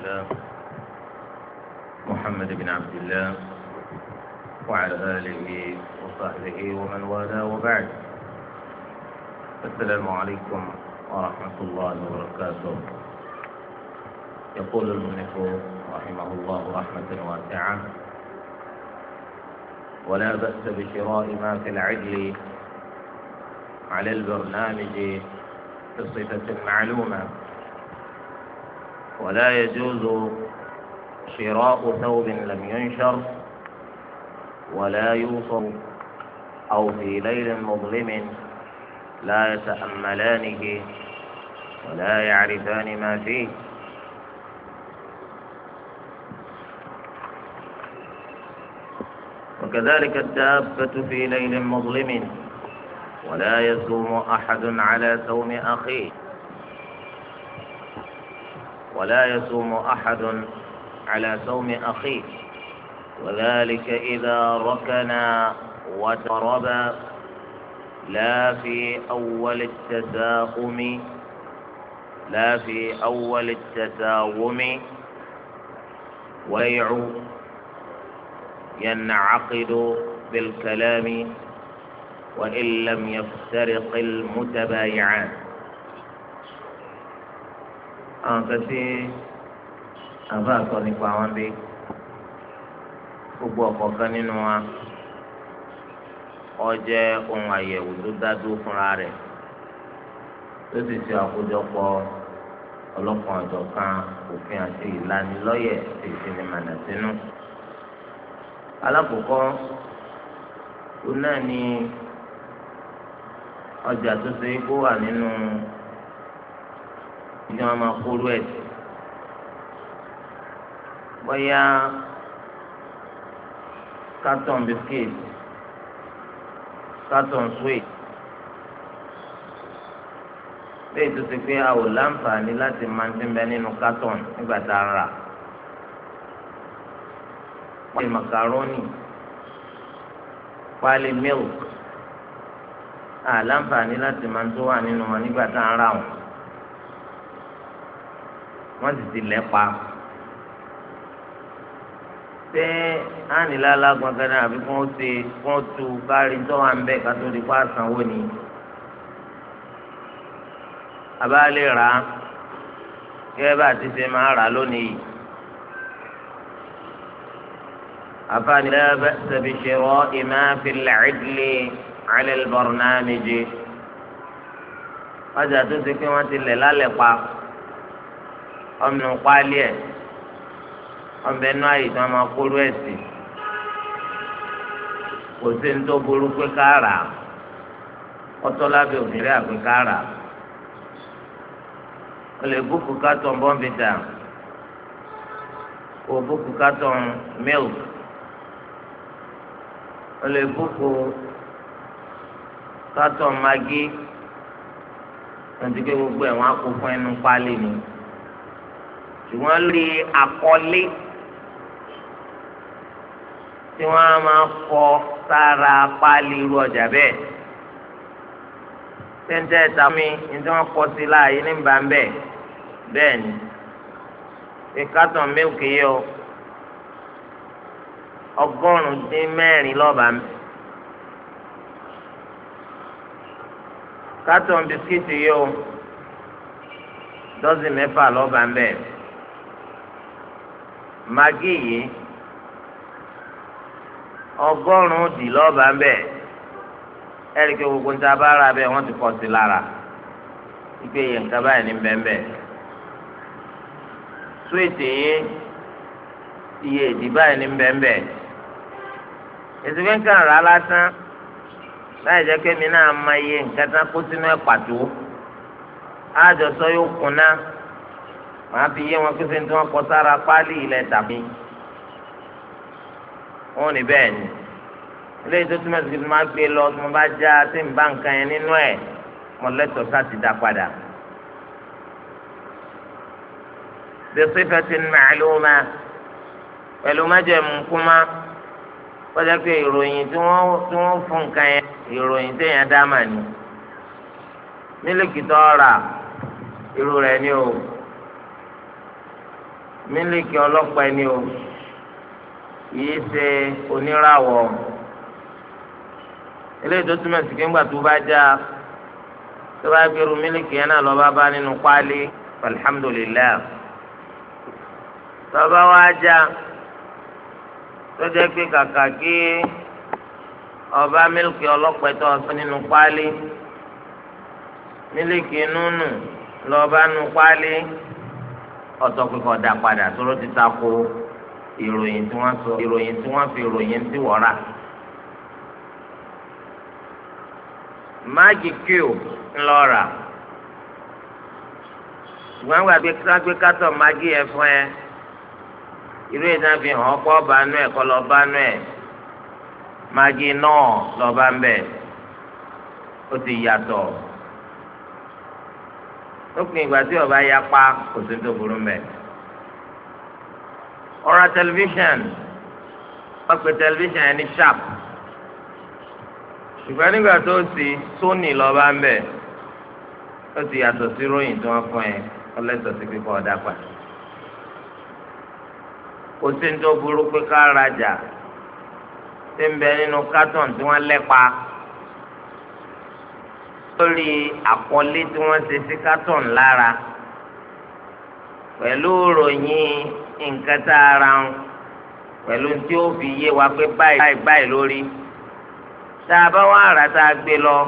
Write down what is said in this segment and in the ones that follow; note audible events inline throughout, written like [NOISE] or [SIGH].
الله محمد بن عبد الله وعلى آله وصحبه ومن والاه وبعد السلام عليكم ورحمة الله وبركاته يقول المنف رحمه الله رحمة واسعة ولا بأس بشراء ما في العدل على البرنامج بصفة معلومة ولا يجوز شراء ثوب لم ينشر ولا يوصل أو في ليل مظلم لا يتحملانه ولا يعرفان ما فيه وكذلك الدابة في ليل مظلم ولا يزوم أحد على ثوم أخيه ولا يصوم أحد على صوم أخيه وذلك إذا ركنا وتربا لا في أول التساقم لا في أول التساوم ويع ينعقد بالكلام وإن لم يفترق المتبايعان àwọn kan tí àbá sọ nípa wọn gbogbo ọ̀kọ̀ọ̀kan nínú wa ó ohun àyẹ̀wò tó dádúró fúnra rẹ̀ tó sì ṣe àkójọpọ̀ ọlọ́kan ọ̀jọ̀kan òfin àti ìlanilọ́yẹ̀ ti ìsinimànà sínú. alákòókò ó náà ní ọjà tó ṣe é kó wà nínú. ìdí wọn máa kóró ẹ̀ sí. bóyá carton biscuit carton sweet bẹ́ẹ̀ tó ti pé a ò láǹfààní láti máa ti ń bẹ nínú carton nígbà tá a rà pálí macaroni pálí milk a láǹfààní láti máa tó wà nínú wọn nígbà tá a rà wọn wọ́n sì ti lẹ̀ pa ṣé ánìlá alágbọ̀n kan náà àbí kí wọ́n ṣe kí wọ́n tu kárí tó wà ń bẹ̀ ká tó di kó àsanwó ni àbá rà á gẹ́gẹ́ bá ti ṣe máa rà lónìí yìí. أفان لا بأس بشراء ما في العدل على البرنامج قد تسكي وانت اللي لا لقاء ọmọ nkwalí ẹ ọmọ ẹnu ayé tí wọn máa kóró ẹsìn kò sí ní tó burú pé káàrà ọtọ lábẹ́ òmìnira àgbẹ káàrà o búkú kátọ̀ bọ́ǹbìtà kò búkú kátọ̀ milk o lè búkú kátọ̀ magi wọn ti ké gbogbo ẹ̀ wọn á fún ẹnu pálí ni ṣùgbọ́n lórí àkọlé tí wọ́n á máa fọ sára páálí irú ọjà bẹ́ẹ̀ tẹ́ńtẹ́ ẹ̀ta mi ní tí wọ́n kọ́ sí láàyè ní bàbẹ́ bẹ́ẹ̀ ni ìkátàn mílkì yìí o ọgọ́rùn-ún dín mẹ́rin lọ́ba mi. kátàn bisikíìtì yìí o dọ́sìn mẹ́fà lọ́ba mi bẹ́ẹ̀ magi yìí ọgọ́rùn-ún dì lọ́ọ̀bà ń bẹ̀ ẹ̀ríkẹ́ gbogbo níta bá ra bẹ́ẹ̀ wọ́n ti kọ́ sí lára ìgbé yẹn nǹkan báyìí ní bẹ́ẹ̀nbẹ́ súwètì yìí iye ìdí báyìí ní bẹ́ẹ̀nbẹ́ èsì pé nǹkan rà á lásán láì jẹ́ kémi náà máa yẹ nǹkan kó sínú ẹ̀ pàtó àjọsọ yóò kùnà màá fi yé wọn pípé tí wọn kọ sára páálí ilẹ̀ dàbí wọn ní bẹ́ẹ̀ ni eléyìí tó túmọ̀ sí pé máa gbé lọ tí mo bá já tí n bá nǹkan yẹn nínú ẹ̀ mo lẹ́tọ̀ọ́ sáti dá padà. bisifatin ma'luma pẹ̀lú májẹ̀mú kúmá kọjá pé ìròyìn tí wọ́n fún nǹkan yẹn ìròyìn téèyàn dá mà ní. mílíkì tó rà irú rẹ̀ ni o mílíkì ọlọ́pàá ẹni o yìí ṣe oníràwọ̀ eléyìí tó túmọ̀ sí kéńgbà tó bá já tó bá gbèrú mílíkì yẹn náà lọ́ba bá nínú páálí alhamdulilayi tọ́ba wá já tó jẹ́ pé kàkà kí ọba mílíkì ọlọ́pàá tó ọ̀sán nínú páálí mílíkì nùnù lọ́ba nù páálí. ọsọ pé kò dá padà ìròyìn tí wọ́n sọ ìròyìn tí wọ́n fi ìròyìn tí wọ́n máàgì kíw ńlọra ṣùgbọ́n àwọn àgbẹ̀ kágbé kátọ̀ máàgì fún ẹ irú ìdá fi hàn ọ̀pọ̀ ọ̀bánú lọ kọ́ lọ́ọ́bánú ẹ̀ máàgì náà lọ́ọ́bá ń bẹ̀ ó ti yàtọ̀. lópin ìgbà tí ọba ya pa kò sí tó burú mbẹ ọ̀rọ̀ tẹlifíṣàn wọ́n tẹlifíṣàn ẹni sharp ṣùgbọ́n nígbà tó sì sóní lọ́ba mbẹ ó ti yàtọ̀ sí ròyìn tí wọ́n fún ẹ ọlẹ́tọ̀ sí pípa ọ̀dà pa kò sí tó burú pé ká rajà tí ń bẹ nínú kátọ̀n tí wọ́n lẹ́pa. No lórí àkọlé tí wọn ṣe sí carton lára pẹ̀lú ròyìn nǹkan tá a ra ń pẹ̀lú tí ó fi yé wa pé báyìí báyìí lórí tá a bá wọn àrà tá a gbé lọ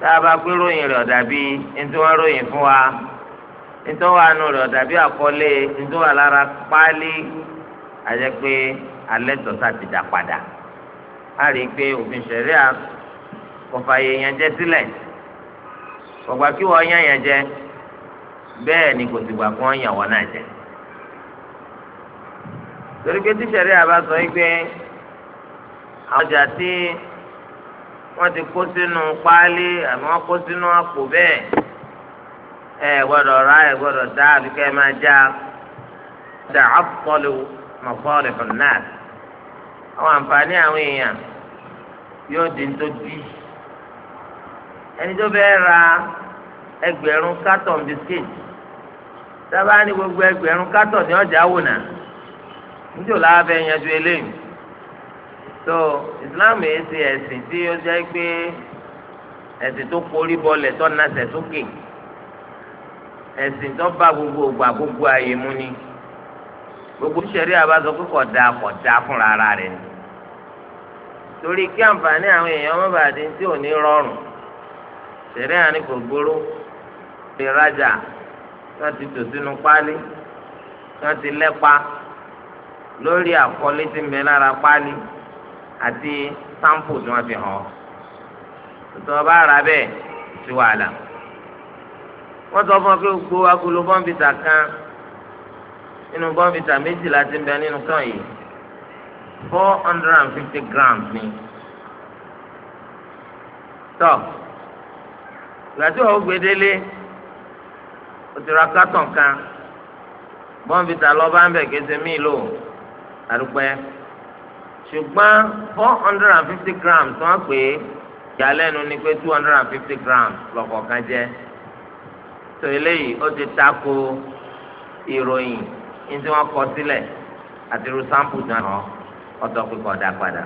tá a bá gbé ròyìn rẹ̀ ọ̀dà bíi ntí wọ́n ròyìn fún wa ntí wọ́n wà nù rẹ̀ ọ̀dà bíi àkọlé ntí wọ́n wà lára páálí àjẹ́ pé alẹ́ tọ́ta ti dà padà a rí i pé òfin ṣẹ̀ríà kò fààyè yẹn jẹ́ sílẹ̀. ọgbà kí wọ́n yàn jẹ bẹ́ẹ̀ ni kò sì gbà kí wọ́n yàn náà jẹ torí pé tíṣẹ̀rí àbá ọjà tí wọ́n ti kó sínú páálí àbí wọ́n kó sínú àpò bẹ́ẹ̀ ẹ gbọ́dọ̀ ra ẹ gbọ́dọ̀ dá àbí ẹ máa já àwọn àǹfààní àwọn ra. ẹgbẹ̀rún kátọ̀n biskit sábà ní gbogbo ẹgbẹ̀rún kátọ̀n ní ọjà wò náà níjò láàbẹ̀ yanjú eléyìí tó Islam yìí ti ẹ̀sìn tí ó jẹ́ pé ẹ̀sìn tó kórí bọlẹ̀ tó nasẹ̀ sókè ẹ̀sìn tó bá gbogbo ògbà gbogbo ààyè mu ni gbogbo sẹ̀rí àbáṣọ pé kò dáa kò dáa fúnra ara rẹ̀ ni torí kí àǹfààní àwọn èèyàn má tí ò ní rọrùn sẹ̀rí àní kò gbóró ìrajà wọ́n ti tò sínú páálí wọ́n ti lẹ́pa lórí àkọlé tí ń bẹ lára páálí àti sampo tí wọ́n fi hàn tuntun ọba ara bẹ́ẹ̀ ti wàhálà wọ́n sọ fún ọ pé gbogbo agolo bọ́ǹbìtà kan nínú bọ́ǹbìtà méjìlá ti ń bẹ nínú kan yìí four hundred and fifty grams ni tọ́ ìgbà tí wọ́n gbé délé. So, ti ra kan bọ́ǹbìtà lọ́ba ń bẹ̀ kése mí àdúpẹ́ ṣùgbọ́n four hundred and fifty grams wọ́n pè é ìyàlẹ́nu ni pé two hundred and fifty grams lọ́kọ̀ọ̀kan jẹ́ tó eléyìí ó ti tako ìròyìn ní tí wọ́n kọ sílẹ̀ àti irú sáǹpù náà hàn ọ̀tọ̀ pípọ̀ dá padà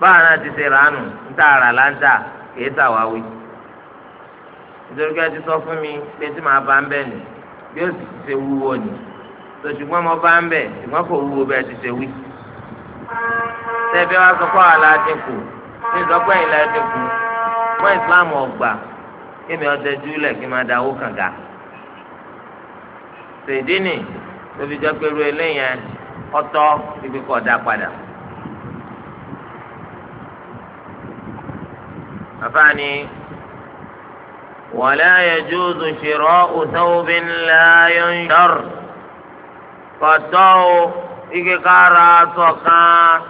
báwa náà ti ṣe ràánù ń tà àrà láńtà kì nítorí pé ẹ sọ fún mi pé tí màá bá ń bẹ̀ nì bí ó sì ti ṣe wúwo nì tó ṣùgbọ́n mo bá ń bẹ̀ ṣùgbọ́n kò wúwo bẹ́ẹ̀ ti ṣe wí. tẹ́ẹ̀bí wa sọ pé àlá dínkù ní ìsọpẹ́ ìlà dínkù wọ́n ìsìláàmù ọgbà kí mi ọtẹ júlẹ̀ kí n máa dáwó kàǹgà. ṣèdí nì tóbi jẹ́ pé ibi dá padà. ولا يجوز شراء ثوب لا ينشر فتو إككارا سوكا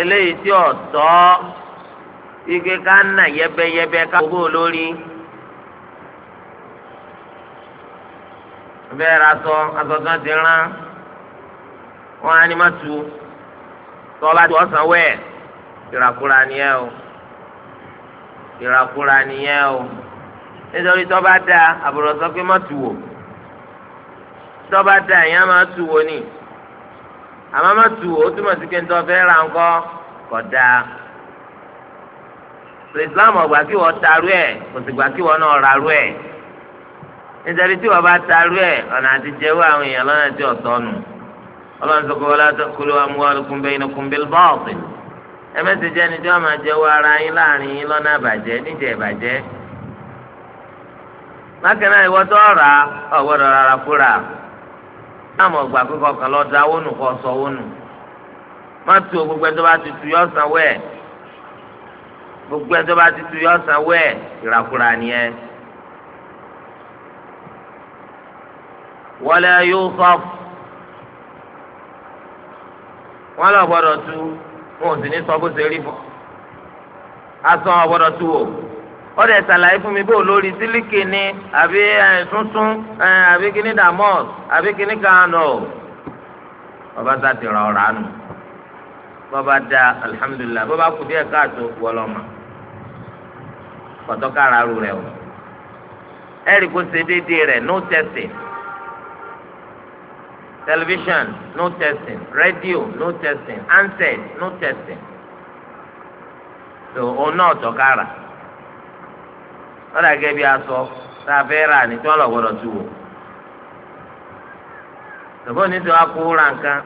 eléyìí tí ò tọ́ ike ká nà yẹbẹyẹbẹ ká gbogbo lórí bẹ́ẹ̀ ra sọ asọ̀tàn ti rán wọn á ní má tu tọ́lá tí ọ̀sán wẹ̀ ìràkúra nìyẹn o ìràkúra nìyẹn o. nítorí tọ́ba da àbúrò sọ pé má tu wò tọ́ba da èèyàn ni àmọ́ má tu wò ó túmọ̀ sí pé ń tọ́ fẹ́ ra ńkọ́ kọ̀ da Islam ọ̀gbà kí wọ́n tarú ẹ̀ kò sì gbà kí wọ́n náà rarú ẹ̀ nítorí tí wọ́n bá tarú ẹ̀ ọ̀nà àti jẹ́wọ́ àwọn èèyàn lọ́nà tí nù ọlọ́run sọ pé wọ́n látọ̀ bẹ́ẹ̀ mákànnà ìwọ ọ̀rà rà ọ a rárá fúra táwọn ọgbà pé kọkàn lọ da owó nù sọ owó nù má gbogbo ti yọ san wẹ gbogbo bá yọ san nìyẹn. wọlé yóò sọ wọn lọ tu wọn ò sì ní ọdẹ ṣàlàyé fún mi bó lórí sílíkì ni àbí tuntun àbí kíní dàmọ́s àbí kíní kànú bàbá sá ti ràn ọ̀rá nù bàbá da alihamudulilayi bàbá kù díẹ̀ káàtó wọlọ́mà kọ̀tọ́kára rú rẹ̀ o ẹ̀rí kó ṣe déédéé rẹ̀ no testing television no testing radio no testing handset no testing so òun náà tọ́kára. So, lọ́dà gẹ́gẹ́ bí aṣọ tá a fẹ́ rà ní tí wọ́n lọ gbọ́dọ̀ tu wò. Ṣùgbọ́n ní tí wọ́n á ra nǹkan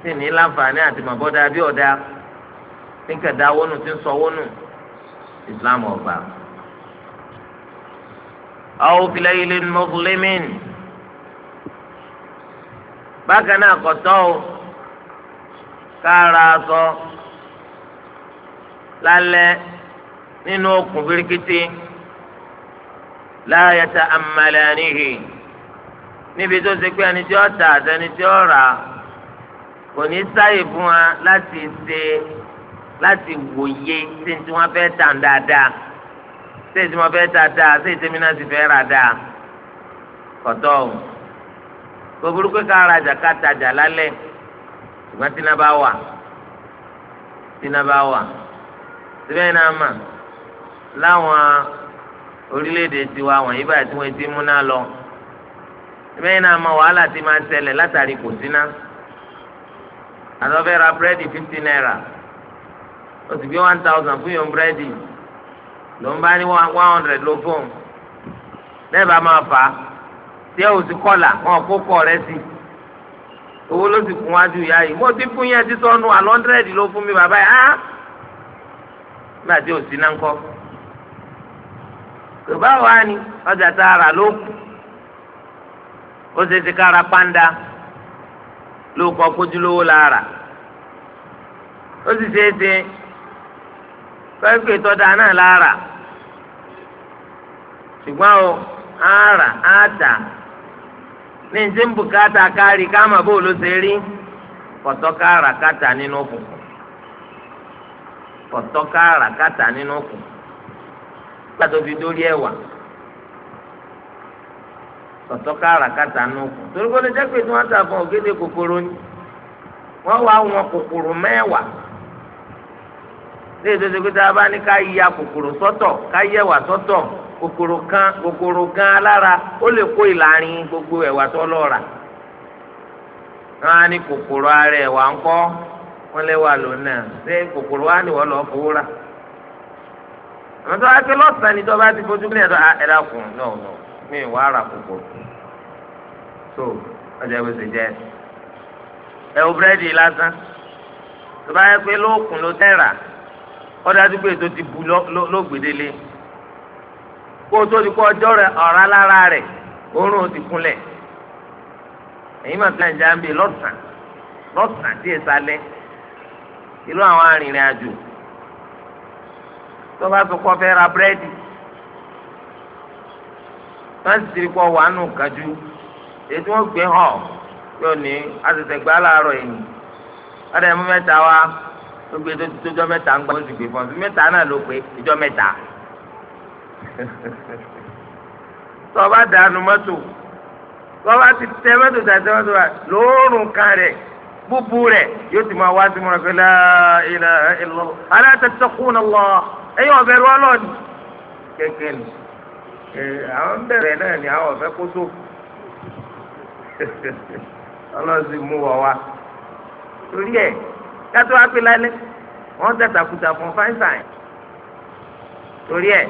sì ní láǹfààní àti màbọ́dá bí ọ̀dá tí ń kẹ̀dá wónù tí ń sọ wónù ìsìlámù ọ̀gbà. àwọn ilé bákan náà kọ̀tọ́ o kára aṣọ lálẹ́ nínú okùn birikiti. láyàtà amalẹ́nihì níbi tó ṣe pé ẹni tí ó tà àti ẹni tí ó rà kò ní sáyè fún wa láti ṣe láti wòye ṣé tí wọ́n fẹ́ tà dáadáa ṣé tí wọ́n fẹ́ tà dáa ṣé tí mìíràn ti fẹ́ rà dáa kọ̀tọ́ o kò burúkú ká rajà ká tajà lálẹ́ ṣùgbọ́n tí náà bá wà tí náà bá wà síbẹ̀ náà mà láwọn orílẹ̀-èdè tiwa wọ̀nyí báyìí tí wọ́n ti múná lọ bẹ́ẹ̀ náà mọ wàhálà tí máa ń ṣẹlẹ̀ látàrí kò síná àtọ́fẹ́ ra búrẹ́dì fifty naira o sì gbé one thousand fún yòó búrẹ́dì ló ń bá ní one hundred ló fóun lẹ́ẹ̀bà máa fà á tí ẹ ò sí kọ́là wọn kó kọ́ rẹ sí owó ló sì kún wájú ìyá yìí mo ti fún yẹn ti sọnù àlọ́ hundred ló fún mi bàbá yìí á nígbà tí ò sí náà yorùbá wa ni ọjà tá a rà ló kù ó ṣe ti kára pàǹdà ló kọ kójúlówó la rà ó sì ṣe é ṣe pẹ́ẹ́pẹ́ tọ́da náà la rà ṣùgbọ́n o á rà á tà ní ti ń bùkátà kárí bó ló ṣe rí rà nínú òkùnkùn tó fi dórí ẹ̀wà ọ̀tọ́ká àràkàtà nù kù torí kó tí wọ́n fún ògèdè kòkòrò ni wọ́n wá wọn kòkòrò mẹ́wàá tó a ní ká ya kòkòrò sọ́tọ̀ ká yẹ̀wà sọ́tọ̀ kòkòrò kan kòkòrò alára ó lè kó ìlàrin gbogbo ẹ̀wà tó wọ́n á ní kòkòrò ara ẹ̀wà ńkọ́ wọ́n lẹ́wà lónà ṣé kòkòrò wa ni wọ́n lọ́ọ́ àmọ́ tó wá pé lọ́sàn-án ni ti fojú kílẹ̀ ẹ̀dá kùn náà náà mi ì so ọjà ìwé ṣe jẹ ẹ búrẹ́dì lásán tó yẹ pé lóòkùn ló tẹ́ra ọ̀dà tó ti bu lọ́gbèdélé kó o tó ti kó ọjọ́ rẹ ọ̀rá lára oorun ti kúnlẹ̀ èyí mà tó ń jà ń bè lọ́sàn lọ́sàn tí tó bá sọ kọ́ fẹ́ ra búrẹ́dì wọ́n sì ti kọ́ wà nù kájú ètò wọn gbé hàn yóò ní àtẹ̀tẹ̀ gbá láàárọ̀ yìí ọ̀dà ẹ̀mú mẹ́ta wá ó gbé tó tó jọ mẹ́ta ń gbà ó sì gbé fún ọ mẹ́ta náà ló pé ìjọ mẹ́ta [LAUGHS] tó bá dànù mọ́tò tó bá ti tẹ mọ́tò tàtẹ mọ́tò wa lóòrùn kan rẹ̀ búbu yóò ti máa wá sí mọ́ra pé la ilaha illallah ala tattaquna Allah ẹ̀yin ọ̀bẹ̀rù ọlọ́ọ̀ni kẹ̀kẹ́ ni àwọn bẹ̀rẹ̀ náà ni àwọn ọ̀fẹ́ kó tó [LAUGHS] ọlọ́sìn mú wọ wa torí ẹ̀ kátó wá pé lálẹ́ wọ́n tẹ̀sàkùtà fún fáìsàn torí ẹ̀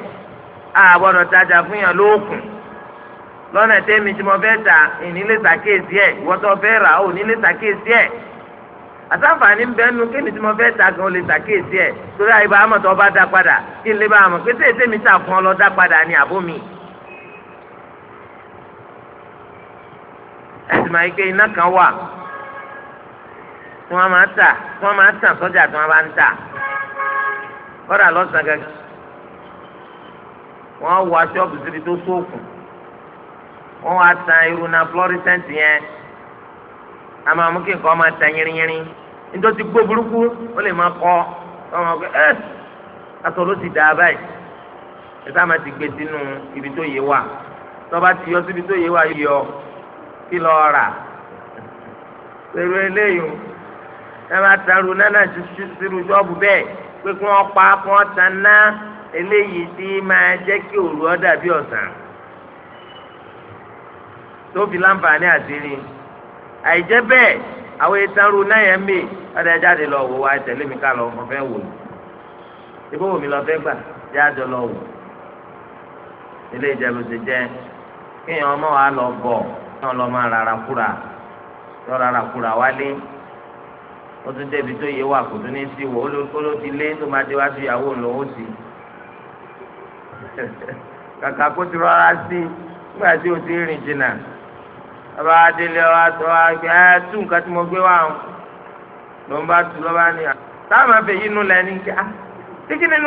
àbọ̀dọ̀ tajà fún yàn lóòkùn lọ́nà tẹ́mi tí mo fẹ́ ta ìnílẹ̀ sàkéèsì ẹ̀ ìwọ́tọ̀ fẹ́ rà ó ìnílẹ̀ sàkéèsì ẹ̀. àsáǹfààní ń bẹ nu kí ni tí mo fẹ́ ta gan o lè ẹ̀ torí àyíbá àmọ̀ tó bá dá padà kí n lè bá àmọ̀ mi fún ọ lọ dá padà ni àbó mi. ike iná kan wà tí wọ́n máa tà tí wọ́n máa tàn sọ́jà tí wọ́n bá ń tà kọ́dà lọ́sàn gẹ́gẹ́ wọ́n wọ aṣọ́ọ̀bù síbi tó sóòkùn wọ́n wá tan irun na a máa nítorí gbó burúkú ó lè máa kọ́ ọmọ pé ẹ́ aṣọ ló ti dà báyìí ẹ sáà máa ti gbé sínú ibi tó yé wa tọ́ba ti yọ síbi tó yé wa yọ kí lọ́ọ́ rà pẹ̀lú eléyìí ẹ máa taru nánà sírú ṣọ́ọ̀bù bẹ́ẹ̀ pé kí wọ́n pa kí wọ́n tan ná eléyìí tí máa jẹ́ kí òru ó dàbí ọ̀sán tó fi láǹfààní àti àìjẹ́ bẹ́ẹ̀. àwọn ìtarú náà yẹn mí ọdẹ jáde lọ wò wá tẹ̀lé mi ká lọ mo fẹ́ wò ó ibò wò mí lọ fẹ́ gbà jáde lọ wò ilé ti kéèyàn ọmọ wa lọ bọ̀ kéèyàn lọ máa rárá kúra lọ rárá kúra wálé ó tún débi tó wà kó tún ní sí wò ó ló ti lé tó máa dé wá sí ìyàwó sí [LAUGHS] kàkà kó ti rọra sí nígbà tí bàbá adélé wa tọ́ àgbẹ̀ ẹ̀ tú nǹkan tí mo gbé wá àwọn ló bá tu lọ́ba ni à táwọn afẹ́ yìí nulẹ̀ ní kí á kíkí ni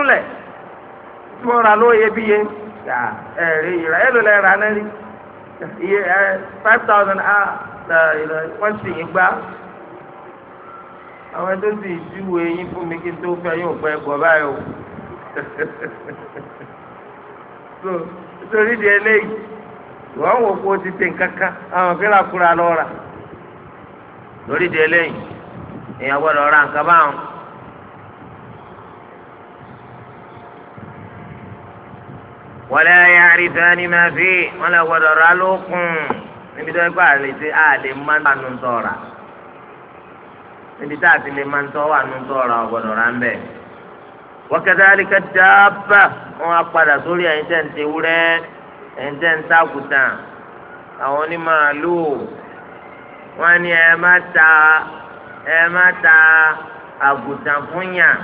tí mo rà ló yẹ bí yẹ rí ìrà ẹ̀ ló lẹ̀ rà náà rí iye ẹ̀ five thousand a sì yín gbá àwọn tó sì júwe yín fún mi kí n tó o [LAUGHS] so di eléyìí. wọ́n wò kó ti ṣe nǹkan àwọn rà lórí de eléyìí èèyàn gbọ́dọ̀ ra nǹkan báwọn. wọ́n máa fi wọ́n lè gbọ́dọ̀ ra lókun níbi tó àlè ń níbi tá a ti lè ń tọ́ wà alika wọ́n á padà sórí ẹ̀yin tẹ̀ ń ẹ̀ńtẹ́ ń tàkùtà àwọn onímàálù wọn ni ẹ má ta ẹ má ta àgùtàn fún yàn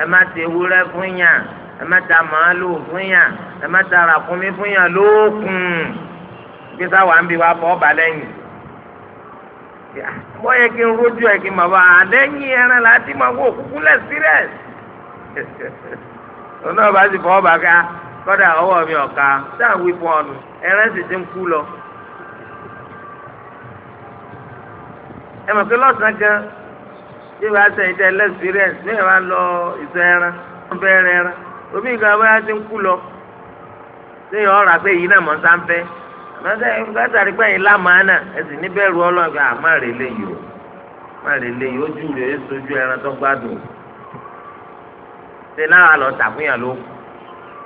ẹ má ta ewúrẹ́ fún yàn ẹ má ta màálù fún yàn ẹ má ta ràkúnmí fún yàn lókun bí sáwà ń bi wá fọ́ ọba lẹ́yìn wọ́n yẹ kí n rójú ẹ̀ kí n bàbá àlẹ́yìn ẹran láti máa wọ òkúkú lẹ̀ sírẹ̀ [LAUGHS] ọ̀nà ọba sì fọ́ ọba ká kọ́dà ọwọ́ mi ọ̀ka sáà wí fún ọnu ẹran sì ti ń kú lọ. ẹ mọ̀ pé lọ́sàn-án gan bí wàá sẹ́yìn tẹ́ lẹ́sìpírẹ́ǹsì bí wàá lọ ìsọ ẹran wọ́n fẹ́ rẹ ẹran omi ìgbà bóyá ti ń kú lọ. sẹ́yìn ọ̀rọ̀ àpé náà mọ̀ sá ń fẹ́ pẹ́yìn ẹ sì ní bẹ́ẹ̀ ru ọlọ́ọ̀gá àmọ́ rè má rè ojú rè é sojú ẹran tó gbádùn. ṣe náà lọ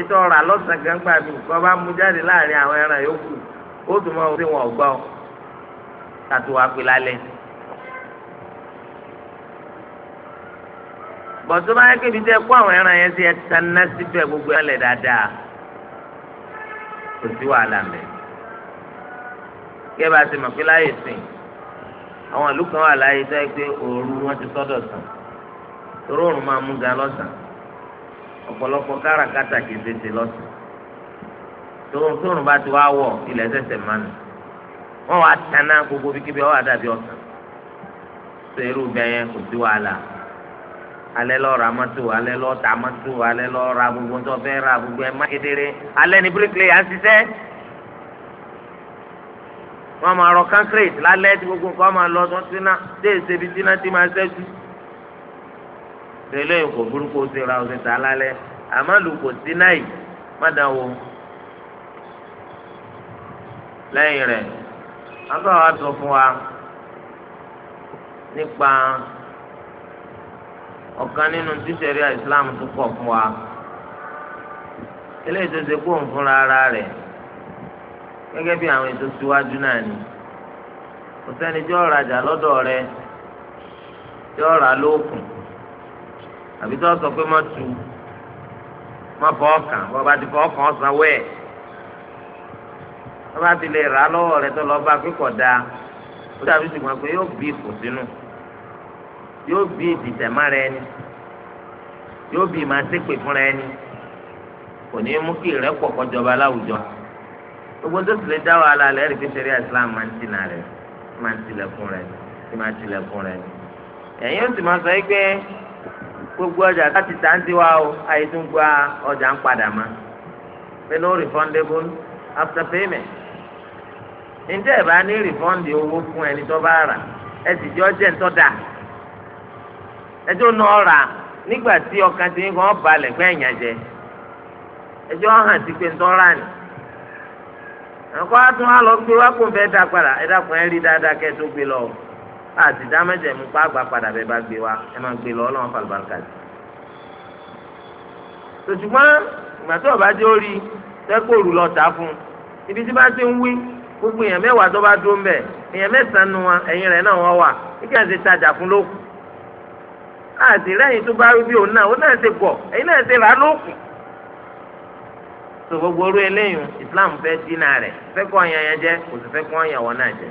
ètò ọ̀rọ̀ àlọ́sàn kan gbà mí kọ́ bá mú jáde láàrin àwọn ẹran yòókù ó tún mọ ohun tí wọn ò gbọ́ kàtó wàá pè lálẹ́. bọ̀tún bá yẹ kébi tẹ́ kó àwọn ẹran yẹn sí ẹ taná síbẹ̀ gbogbo ẹ̀ lẹ̀ dáadáa kò sí wàhálà mẹ́. kẹ́ bá ti mọ̀ pé láyè sìn àwọn ìlú kan wà láyé tó yẹ pé òru wọn ti sọ́dọ̀ sàn torí òrùn máa mú gan lọ́sàn ọ̀pọ̀lọpọ̀ káràkátà kì í tètè lọ́sùn tòun tóun bá ti wá wọ̀ ilẹ̀ ẹsẹ̀ mánu wọ́n wá taná gbogbo bíkíbi ọwọ́ àdàbí ọ̀sán tó irú bẹ́yẹn kò sí wàhálà alẹ́ lọ ra mọ́tò alẹ́ lọ ta mọ́tò alẹ́ lọ ra gbogbo tó fẹ́ ra gbogbo ẹ̀ má kedere alẹ́ ní bíríkìlì à ń ṣiṣẹ́ wọ́n máa rọ kánkírèt lálẹ́ tí gbogbo nǹkan máa lọ tó ń tẹlẹ kò burúkú ó ti ra ọsẹ tà lálẹ́ àmọ́ lu sí náà yìí má rẹ̀ wa fún wa nípa ọ̀kan nínú tíṣẹ̀rí islam tó kọ̀ fún wa eléyìí tó ṣe ara rẹ̀ gẹ́gẹ́ bí àwọn ètò síwájú náà ni kò sẹ́ni tí lọ́dọ̀ rẹ̀ tí àbí tí wọ́n sọ pé má tu má fọ ọkàn wọ́n bá ti fọ ọkàn ọ̀sán wẹ̀ wọ́n bá ti lè rà á lọ́wọ́ rẹ̀ tó lọ́ọ́ bá kíkọ̀ da ó dàbí ṣùgbọ́n pé yóò bí ipò sínú yóò bí ìdìtẹ̀má rẹ ni yóò bí ìmọ̀ àṣepè fúnra ẹni kò ní mú kí ìrẹ́pọ̀ kọjọba láwùjọ gbogbo tó sì lè dá wàhálà rẹ̀ rí pé sẹ́rí Islam máa ń tìǹà rẹ̀ máa ń tilẹ̀kùn rẹ̀ máa ń tilẹ̀kùn rẹ̀ ẹ̀yin ó sì máa sọ yìí pé gbogbo ọjà láti tà ń tiwa o ọjà ń padà mọ́ pé no refundable after payment ǹjẹ́ ẹ̀ bá ní rìfọ́ǹdì owó fún ẹni tó bá rà ẹ sì jọ jẹ́ ńtọ́ dà ẹjọ́ náà rà nígbà tí ọkàn ti ń balẹ̀ pé ẹ̀yàn jẹ ẹjọ́ hàn sí pé ńtọ́ rà ní. ẹ̀kọ́ lọ gbé dá padà rí dáadáa àti dámẹ́jẹ̀ mú pa àgbà padà bẹ́ẹ̀ bá gbé wa ẹ máa gbé lọ ọlọ́run fàlùbáríkà sí. tòṣùgbọ́n ìgbà tí ọba jẹ́ orí tẹ́kọ̀ọ́rù lọ tà fún un ibi tí bá ti ń wí gbogbo èèyàn mẹ́wàá tó bá dó ń bẹ̀ èèyàn mẹ́sàn-án nu wọn ẹ̀yìn rẹ̀ náà wọ́n wà kíkẹ́ ẹ̀ ti tajà fún lókù. àti lẹ́yìn tó bá rú bí òun náà òun náà ti gbọ̀ ẹ̀yìn náà ti rà lókù. sọ gbogbo orú eléyìí Islam fẹ́ dínà rẹ̀ fẹ́ kọ́ ọ̀yàn yẹn jẹ́ kò sì fẹ́ kọ́ ọ̀yàn wọn náà jẹ́.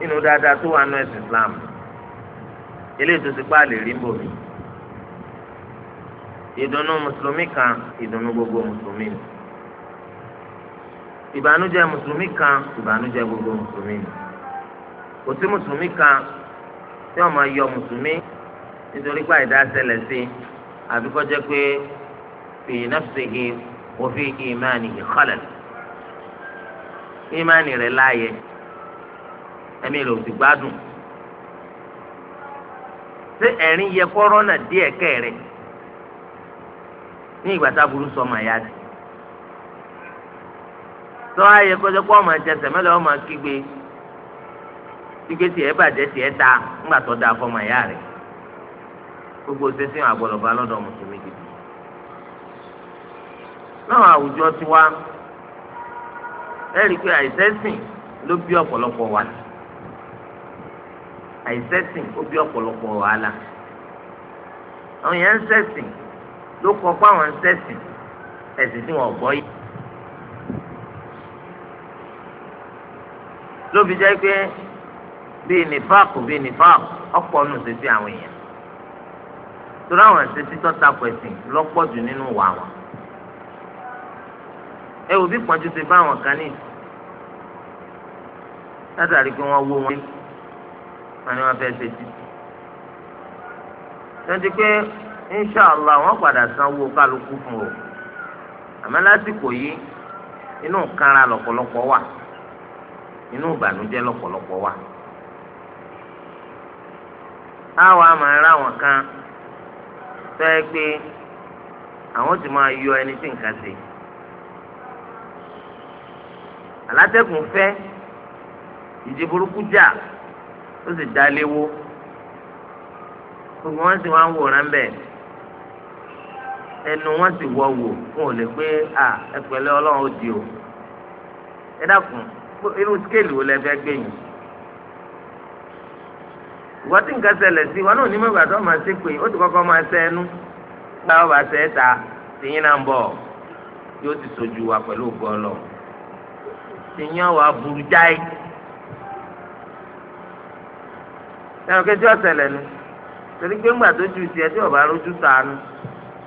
nínú dáadáa tó wà nù ẹ̀sìn Islam eléyìí tó ti pa àlè rí bòmí ìdùnnú mùsùlùmí kan ìdùnnú gbogbo mùsùlùmí ni ìbànújẹ́ mùsùlùmí kan ìbànújẹ́ gbogbo mùsùlùmí ni kò sí mùsùlùmí kan tí wọ́n máa yọ mùsùlùmí nítorí pé àìdá ṣẹlẹ̀ sí àbí kó jẹ́ pé fi nafsihi wa fi imanihi khalal ìmánì rẹ̀ láàyè. ẹ̀mí rẹ̀ ò sì gbádùn ṣé ẹ̀rín yẹ kọ́rọ́nà díẹ̀ kẹ́rẹ̀ ní ìgbà tá a burú sọmọ ẹ̀yà rẹ̀ tọ́ ayẹ kọjọ pé ọmọ ẹ̀jẹ̀ sẹ̀mẹ́lẹ̀ ọmọ kígbe kígbe tiẹ̀ bàjẹ́ tiẹ̀ ta ńgbà tó da ẹ̀yà rẹ̀ gbogbo sẹ́sìn àgbọ̀dọ̀ bá lọ́dọ̀ mùsùlùmí gidi náà àwùjọ tiwa ẹ̀rí pé àìsẹ́sìn ló bí ọ̀pọ̀lọpọ̀ àìsẹ́sìn ó bí ọ̀pọ̀lọpọ̀ wàhálà àwọn èèyàn ń sẹ́sìn ló kọ pé àwọn ń sẹ́sìn ẹ̀sìn tí wọ́n gbọ́ yìí. ló fi jẹ́ pé bíi nìfàkù bíi nìfàkù ọ̀pọ̀ nù sí sí àwọn èèyàn torí àwọn ẹ̀sìn títọ́ takò ẹ̀sìn lọ́pọ̀ jù nínú wà wọn. ẹ wò bí pọ́njú ti bá àwọn kan ní látàrí pé wọ́n wó wọn wọn ni wọn fẹẹ ṣe títì tẹ́tí pé inṣàlá wọn padà sanwó kálukú fún o àmọ́ lásìkò yìí inú kanra lọ́pọ̀lọpọ̀ wà inú ìbànújẹ́ lọ́pọ̀lọpọ̀ wà táwa máa ra àwọn kan fẹ́ pé àwọn ti máa yọ ẹni tí nǹkan ṣe alátẹ́kùn fẹ́ ìdí burúkú jà ó sì dá léwó gbogbo wọn sì wá ń wòran bẹ́ẹ̀ ẹnu wọn sì wọ wò fún òlè pé à ẹ pẹ̀lẹ́ Ọlọ́run ó di o ẹ dákun irú skéèlì wo lẹ fẹ́ gbé yìí ìwọ tí nǹkan ṣẹlẹ̀ sí wọn náà ní mọ̀gbà tó máa ṣe pé ó ti kọ́kọ́ máa ṣe ẹnu gba ọba ṣe é ta tìyín náà ń bọ̀ yóò ti sojú wa pẹ̀lú ògbọ́n lọ tìyín ọ̀wà burú jáì. ẹnu kẹjọ ọsẹlẹ nu torí pé ńgbà tó ju tiẹ̀ tí ọba rojú tànú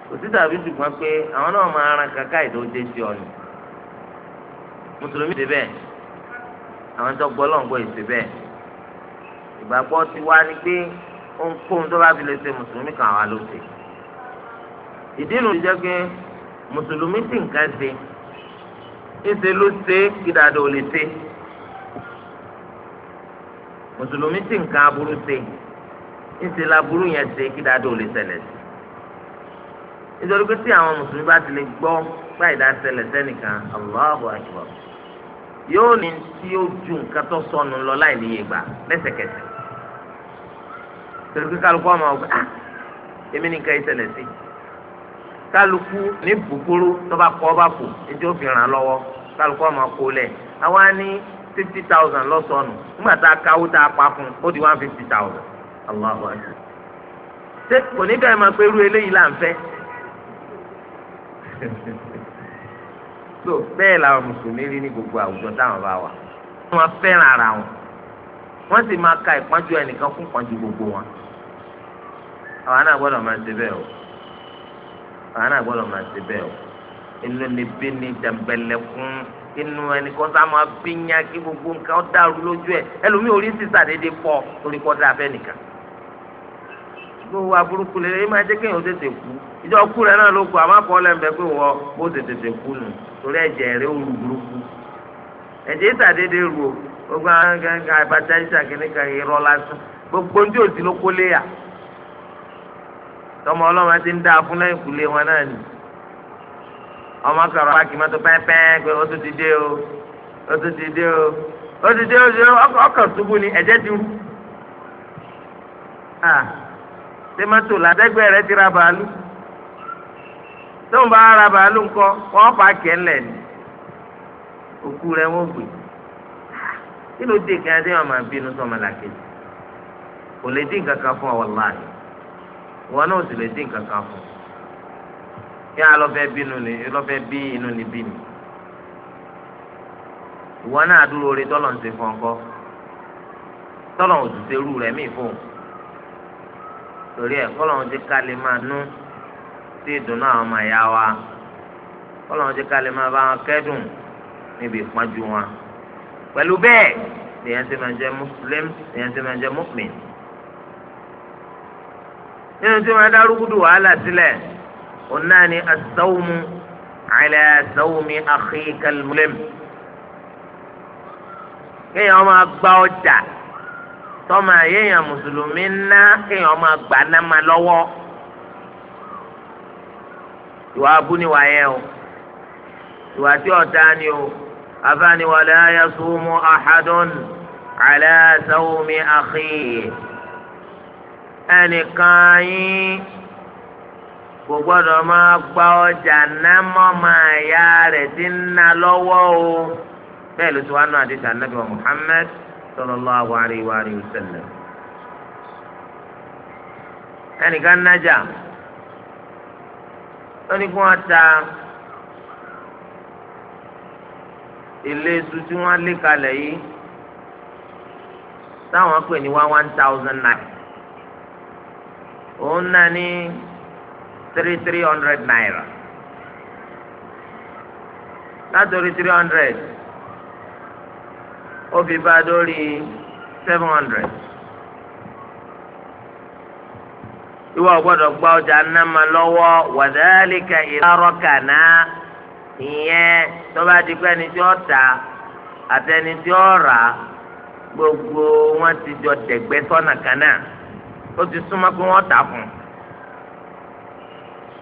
kò sí tàbí ṣùgbọ́n pé àwọn náà máa ran kàkà ìdóde sí ọnù mùsùlùmí ti bẹ́ẹ̀ àwọn tó gbọ́ lọ́ngbọ́ yìí ti bẹ́ẹ̀ ìgbàgbọ́ ti wá ni pé ohunkóhun tó bá fi lè ṣe mùsùlùmí kan wà ló ṣe ìdí nu jẹ́ pé mùsùlùmí ti nǹkan ṣe ń ṣe ló ṣe kí dáadáa ò lè ṣe mùsùlùmí tí nǹkan aburú ṣe ńṣe laburú yẹn ṣe kí dáadọ́ ò lè ṣẹlẹ̀ sí nítorí pé tí àwọn mùsùlùmí bá ti lè gbọ́ báyìí dá ṣẹlẹ̀ sẹ́nìkan Allahu akbar yóò ní tí ó ju nǹkan tó sọnù lọ láì níye gbà lẹ́sẹ̀kẹsẹ̀ torí pé kálukú ọmọ ọgbà á ah, èmi nìkan ìṣẹ̀lẹ̀ sí kálukú ní bùkúrú tó bá kọ́ bá kù ní tí ó fi ràn lọ́wọ́ kálukú ọmọ kó lẹ̀ àwa ní fifty thousand lọ́sọ̀ọ̀nù nígbà tá a káwó tá a pa fún un ó di one fifty thousand Allahu akbar. ṣé kò ní bẹ́ẹ̀ máa pé irú eléyìí là ń fẹ́? [LAUGHS] so bẹ́ẹ̀ làwọn mùsùlùmí rí ní gbogbo àwùjọ táwọn bá wà. wọ́n fẹ́ràn ara wọn wọ́n sì máa ka ìpọ́njú ẹnìkan fún ìpọ́njú gbogbo wọn. àwa náà gbọ́dọ̀ máa ṣe bẹ́ẹ̀ o àwa náà gbọ́dọ̀ máa ṣe bẹ́ẹ̀ o inú ni bí ni dàmbẹ̀lẹ̀ fún inú ẹnìkan sá máa bíyàn kí gbogbo nǹkan dàrú lójú ẹ ẹlòmíì orí sísà dédé pọ̀ orí kọ́ dáa fẹ́ nìkan. gbogbo aburúkú lè ẹ máa jẹ́ kéèyàn tètè kú ìjọ kú rẹ náà ló kú àmọ́ kọ́ lẹ́nu bẹ pé wọ́ bó tètè kú nù torí ẹ̀jẹ̀ rẹ ó rú burúkú ẹ̀jẹ̀ ìsàdédé rú o gbogbo àwọn gángan àbájá kan irọ́ lásán gbogbo òsì ló kólé yà tọmọ ti ọmọ sọ̀rọ̀ páàkì mọ́tò pẹ́ẹ́pẹ́ẹ́ pé ó tún ti dé o ó tún ti o ti dé o ṣe ọkọ ṣubú ni ẹ̀jẹ̀ ti wú. ṣé mọ́tò làdẹ́gbẹ́ rẹ ti ra bàálù tóun bá ra bàálù ńkọ wọ́n páàkì ẹ̀ lẹ̀ ni òkú rẹ wọ́n gbé kí ló dé bínú sọmọ làkejì kò lè dín kankan fún ọ wọláì wọn náà sì lè dín kankan fún yà á lọ́fẹ́ bí inú ni lọ́fẹ́ bí inú ni bí ni ìwọ náà dúró orí tọ́lọ̀ ń ṣe fún ọkọ tọ́lọ̀ ò dùn serú rẹ̀ mí fún torí ẹ̀ kọ́lọ̀ ń ṣe ká lè máa nú sí ìdùnnú àwọn ọmọ ìyá wa kọ́lọ̀ ń ṣe ká máa bá wọn kẹ́dùn níbi ìpọ́njú wọn pẹ̀lú bẹ́ẹ̀ lèyàn ti máa jẹ mùsùlùm nínú tí wọn dá rúgúdù wàhálà sílẹ̀ òun náà ni asawumu ala sawumi akhika almuslim kéèyàn máa gba ọjà tọ́mà yéèyàn mùsùlùmí ná kéèyàn máa gbà náma lọ́wọ́ ìwà abúniwà yẹn o ìwà tí ọ̀tá ni o afániwàlẹ̀ ayásùnmù àhádùn àlẹ́ sawumi akhi ẹnìkan yín. kò gbọ́dọ̀ máa gba ọjà ná mọ́mọ́ ya rẹ̀ tí ń na lọ́wọ́ o bẹ́ẹ̀ ló ti wá nù àdìsá nàbí wa sallallahu alaihi wa alihi wasallam. ẹnìkan nájà ó ní kí wọ́n ta ilé tí wọ́n lé one thousand nine. òun three three hundred naira látòrí three hundred ó fi bá 700. seven hundred ìwọ gbọ́dọ̀ gba ọjà nàmà lọ́wọ́ wàdálìkà ìlárọkà ìyẹn tó bá di pé ẹni tí ó gbogbo wọn ti jọ tẹgbẹ sọ́nà kan ó ti pé wọn fún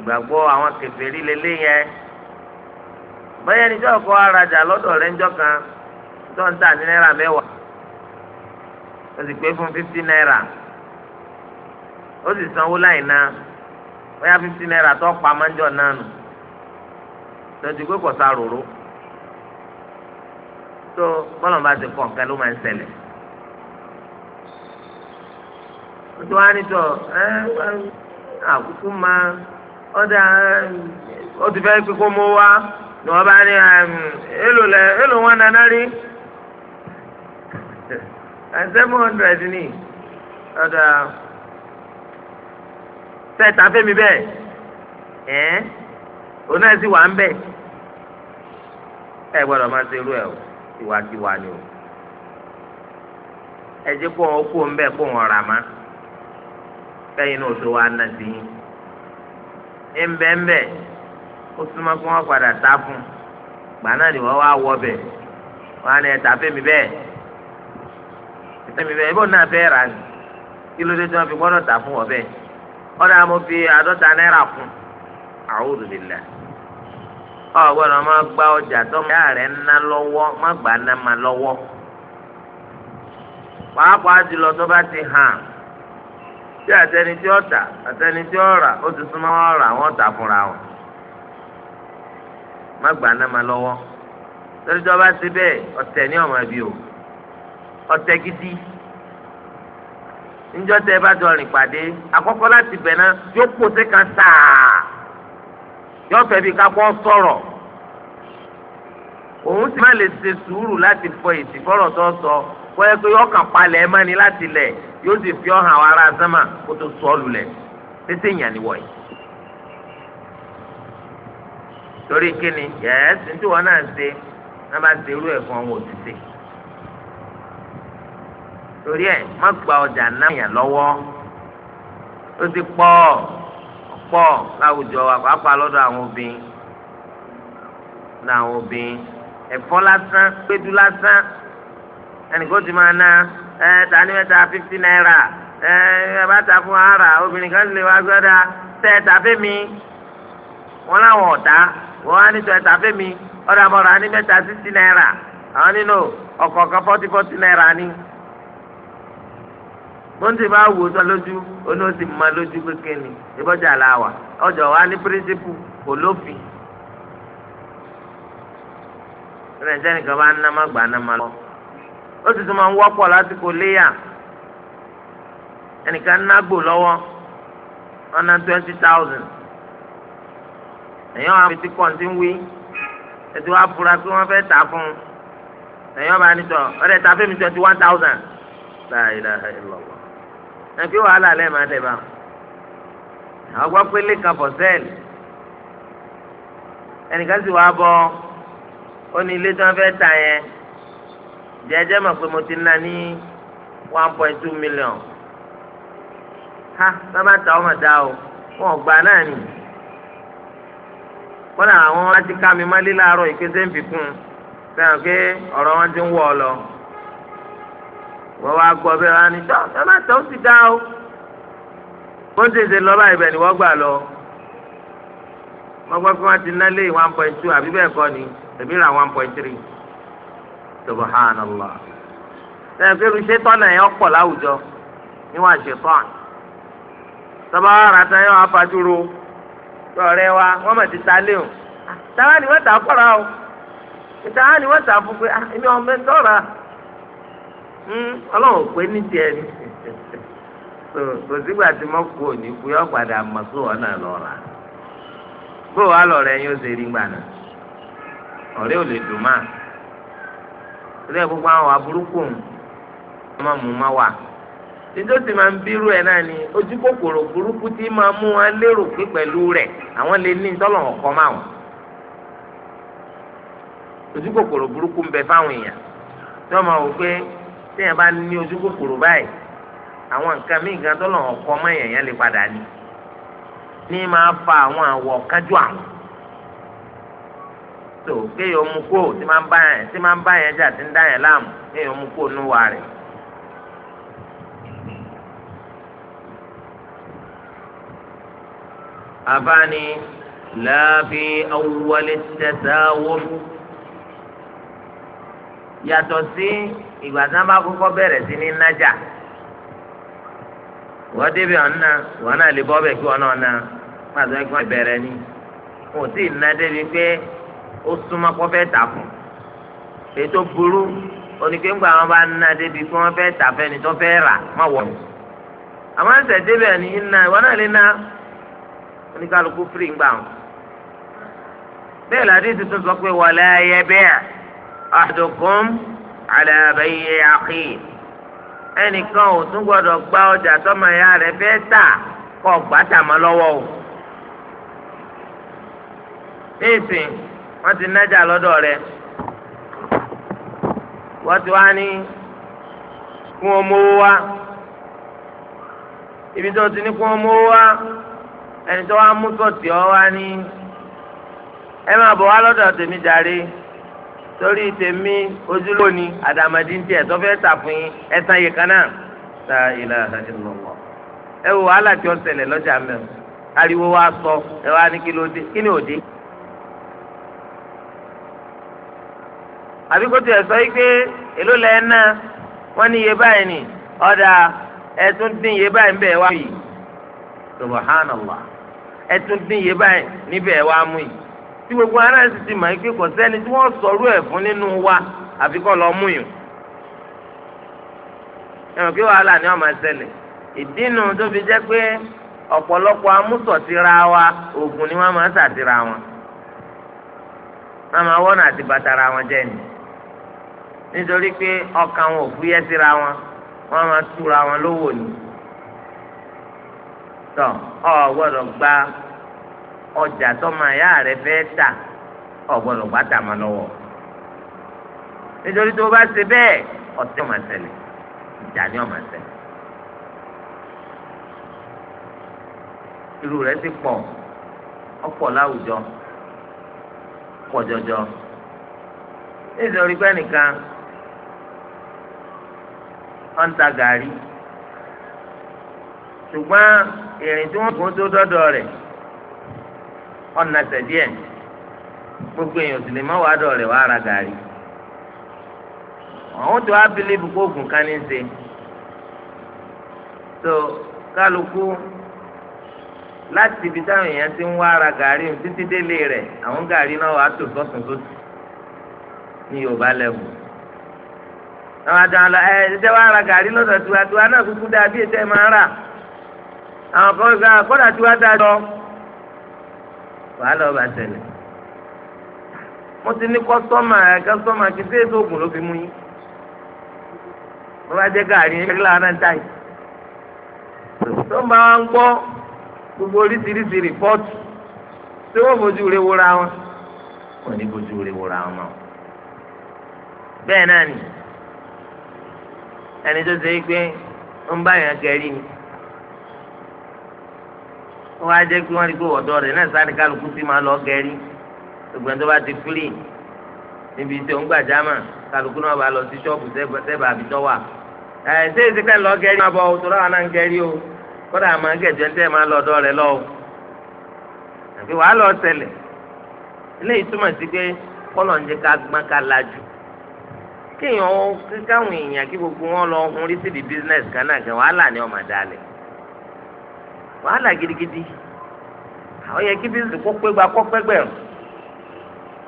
ìgbàgbọ́ àwọn kèfèrí lélẹ́ yẹn bẹ́ẹ̀ ni jọ́ kọ́ arajà lọ́dọ̀ rẹ̀ ńjọ́ kan tó ń tà ní náírà mẹ́wàá ó sì pé fún fifty náírà ó sì sanwó láì ná bóyá fifty náírà tó pa mọ́jọ́ náà nù lọ́dún pé kò sá roró tó bọ́lọ̀ bá ti kọ̀ nǹkan ló máa ń ṣẹlẹ̀ ó ti wá nítọ̀ ẹ́ àkúkú máa. ọdà ó um, ti fẹ́ pé kó wá ni wọ́n bá ní um, lẹ wọn nana rí [LAUGHS] seven hundred um, tẹ́tà fẹ́mi bẹ́ẹ̀ òun náà sì wà ń bẹ̀ ẹ gbọ́dọ̀ máa ṣe irú ẹ̀ o ni o ẹ jẹ́ kó kó ń bẹ̀ ńbẹ́ńbẹ́ ó súnmọ́ kí wọ́n padà fún gbà náà ni wọ́n wá wọ bẹ̀ wọ́n á ní ẹ̀ta fẹ́mi bẹ́ẹ̀ fẹ́mi bẹ́ẹ̀ náà fẹ́ rà ní kí ló dé tí wọ́n fi gbọ́dọ̀ ta fún ọ bẹ́ẹ̀ fi náírà fún ọ gbọ́dọ̀ gba ọjà tó máa rẹ̀ ná lọ́wọ́ má gbà ná ma lọ́wọ́ pàápàá jùlọ tó bá ti hàn tí àtẹni tí ó tà àtẹni tí ó rà ó ti súnmọ́ wọn rà wọ́n tà fúnra wọn. má gbà ná ma lọ́wọ́ torí tí wọ́n bá ti bẹ́ẹ̀ ọ̀tẹ̀ ní ọ̀mọ̀ ẹ̀bí o ọ̀tẹ̀ gidi níjọ́ tẹ bá jọ rìn pàdé àkọ́kọ́ láti bẹ̀ náà yóò pò sí kan sáà yóò fẹ́ bí kakọ́ sọ̀rọ̀ òun sì má lè ṣe sùúrù láti fọ èsì tó sọ kọ́yẹ́ pé ọkàn palẹ̀ ẹ̀ mọ́ni láti lẹ̀ yóò sì fi ọ̀hàn àwọn ará sánmà kó tó sọ ọ́ lulẹ̀ tètè yàn ni wọ̀nyí. torí kíni yẹ́sì tí wọ́n náà ṣe náà bá ṣe irú ẹ̀ fún àwọn òṣìṣẹ́. torí ẹ̀ má gba ọjà náà yàn lọ́wọ́ ó ti pọ̀ pọ̀ láwùjọ wa pàápàá lọ́dọ̀ àwọn obìnrin lọ́dọ̀ obìnrin ẹ̀fọ́ lásán péjú lásán. ẹnìkan ti máa ná ẹ tani fifty naira ẹ ẹ bá ta fún ara obìnrin kan tẹ tàfé mi wọn làwọn ọ̀tá wọn wá ní tọ mi sixty naira àwọn nínú ọ̀kọ̀ọ̀kan forty forty naira ni. bóńtì bá lójú mọ lójú kékeré ó sì tún máa ń wọ́pọ̀ lásìkò léyà ẹnìkan nágbò lọ́wọ́ ọ̀nà twenty thousand èèyàn àwọn ètí kọ̀ǹtì ń wí ètò àfúrà pé wọ́n fẹ́ tà fún un èèyàn bá nítọ̀ ọ̀rẹ́ ta fẹ́mi twenty one thousand la ilaha illallah ẹ̀ pé wàhálà lẹ́ẹ̀ máa tẹ̀ bá àwọn gbọ́ pé lẹ́ka for sale ẹnìkan sì wá bọ́ ó ní ilé tí wọ́n fẹ́ tà yẹn jẹ́jẹ́ mọ̀ pé mo ti ná ní one point two million ha sábà ta ọmọ dá o wọn gbà náà nì kọ́nà àwọn láti ká mi mọ́lé láàárọ̀ ìpèsè ń fi kún un fẹ́ràn pé ọ̀rọ̀ wọn ti ń wọ̀ ọ lọ wọ́n wá gbọ́ bẹ́ẹ̀ wá ní tọ́ sábà ta ó ti dá o bó ń tètè lọ báyìí ni wọ́n gbà lọ wọ́n gbọ́ pé wọ́n ti ná lé one point two àbí bẹ́ẹ̀ kọ́ ni èmi ra one point three. subhanallah sẹ́yìn pé irú ṣetán yẹn ọ̀pọ̀ láwùjọ ṣetán wa ti táwa ah, ni wọ́n tà fọ́ra o táwa ni wọ́n tà fún pé ẹni ah, ọmọ ẹni tọ́ra hmm, pé ní ni [LAUGHS] kò sígbà tí mo kú òní kú yọ padà ìrẹ́ gbogbo àwọn aburúkú wọn máa mú ma wà títí máa ń bírú ẹ̀ náà ni ojú kòkòrò burúkú tí máa mú wọn lérò pé pẹ̀lú rẹ̀ àwọn lè ní tọ́lọ̀ ọ̀kọ́ máa wọn ojú kòkòrò burúkú ń bẹ fáwọn èèyàn tí wọ́n máa wò pé téèyàn bá ní ojú kòkòrò báyìí àwọn nǹkan míì fa àwọn àwọ̀ kájú tó kéèyàn mú kó tí máa ń bá yẹn tí máa ń bá yẹn jà tí ń dá yẹn láàmú kéèyàn mú kó nú wa rẹ̀. abáni láàbí awọlé tẹ̀sán wọ́n yàtọ̀ sí ìgbà tí wọ́n bá kọ́kọ́ bẹ̀rẹ̀ sí ní nájà wọ́n na ni ó súnmọ́ kó fẹ́ tà fún ètò burú oníkéńgbà wọn bá ná débi kí wọn fẹ́ tà fẹ́ni tó fẹ́ rà má wọ̀ ọ́ àmọ́ ẹsẹ̀ ní iná ìwọ náà lè ná oníkálukú firi ń gbà wọn. bẹ́ẹ̀ ládé tuntun sọ pé ẹnìkan ò tún gba ọjà tọ́mọ ya rẹ̀ fẹ́ tà gbàtà mọ́ lọ́wọ́ wọ́n ti nájà lọ́dọ̀ rẹ̀ wọ́n ti wá ní kí wọ́n mówó wá ibi tó ti ní kí wọ́n mówó wá ẹni tó wá mú sọ̀tì ọ́ wá ní ẹ máa bọ̀ wá lọ́dọ̀ tèmi jàre torí tèmi ojúlóni àdàmàdì ń tiẹ̀ tó fẹ́ tà fún yín ẹ̀sán yìí kan náà ta ìlà ìlọ̀wọ̀ ẹ wò wàhálà tí ó ń ṣẹlẹ̀ lọ́jà mẹ́rin ariwo wa sọ ẹ wá ní kí ló dé kí ni ò dé. àbí kó tiẹ̀ sọ yìí pé èló lẹ ẹ̀ náà wọ́n ní iye báyìí ni ọ̀dà ẹ̀ dín iye báyìí wá mú yìí subhanallah dín iye báyìí níbẹ̀ wá mú yìí tí wa lọ mú yìí ẹ̀rọ kí wàhálà ni wọ́n máa ìdínú tó fi jẹ́ pé ọ̀pọ̀lọpọ̀ wa oògùn ni wọ́n máa ń wọn wọ́n nítorí pé ọkàn wọn ò fúyẹ́ síra wọn wọ́n máa túra wọn lówó ni tọ ọ gbọ́dọ̀ gba ọjà tọmọ ẹyà rẹ fẹ́ tà ọ gbọ́dọ̀ gba tàmà lọ́wọ́ nítorí tó o bá ṣe bẹ́ẹ̀ ọ̀tẹ̀ ọmọ ṣẹlẹ̀ ìjà ni ọmọ ṣẹlẹ̀ irú rẹ̀ ti pọ̀ ọ̀pọ̀ láwùjọ pọ̀ jọjọ nítorí pé nìkan wọ́n ń ta gàrí ṣùgbọ́n ìrìn tí wọ́n kò tó dọ́dọ̀ rẹ̀ ọ̀nà tẹ̀díẹ̀ gbogbo èèyàn sì lè má wàá dọ̀ rẹ̀ wàá ra gàrí àwọn tó wá bílíìfù kó oògùn kan ní í ṣe tó kálukú láti ibi táwọn èèyàn ti ń wá ara gàrí títí délé rẹ̀ àwọn gàrí náà wàá tò sọ́tún sótì ní Yorùbá lẹ́wọ̀n àwọn àdàn ẹ ṣiṣẹ́ wa ra gàrí lọ́sọ̀ tiwa tiwa náà kúkú dáa bí ètò ẹ̀ máa rà àwọn kan gba ah, kọ́dà tiwa dáa jọ wàhálà ọba tẹ̀lẹ̀ mo ti ní kọ́sọ́mà ẹ̀ kọ́sọ́mà kì í sí èso oògùn ló fi mú yín wọ́n bá jẹ́ gàrí ẹ̀ kí làwọn náà dá yìí tó ń bá wa ń gbọ́ gbogbo oríṣiríṣi rìpọ́ọ̀tù tí wọ́n fojú rẹ̀ wúra wọn wọ́n ní fojú rẹ̀ wúra wọn bẹ́ẹ̀ náà nìyí. ẹni tó ṣe é pé ń bá yàn gẹ̀rí ni wọ́n á jẹ́ pé wọ́n rí pé ọ̀dọ́ rẹ̀ náà sáré kálukú sí máa lọ gẹ̀rí ṣùgbọ́n tó bá ti fúlì níbi tí òun gbàjámà kálukú náà bá lọ sí ṣọ́ọ̀bù sẹ́bà wà. ẹ ṣé èsì pẹ́ lọ gẹ̀rí máa bọ̀ ọ́ tọ́lá náà ń gẹ̀rí o kọ́dà àmọ́ gẹ̀jẹ̀ ń tẹ́ máa lọ ọ̀dọ́ rẹ̀ lọ o. àbí wàá lọ ṣẹlẹ̀ eléyìí túmọ̀ sí pé kọ́lọ̀ ń jẹ́ ká kéèyàn kíkà àwọn èèyàn kí gbogbo wọn lọ hun rí sí di business kan náà kan wàhálà ni ọmọ àdáálẹ wàhálà gidigidi àwọn yẹ kí business kó pé gba kó pẹgbẹrún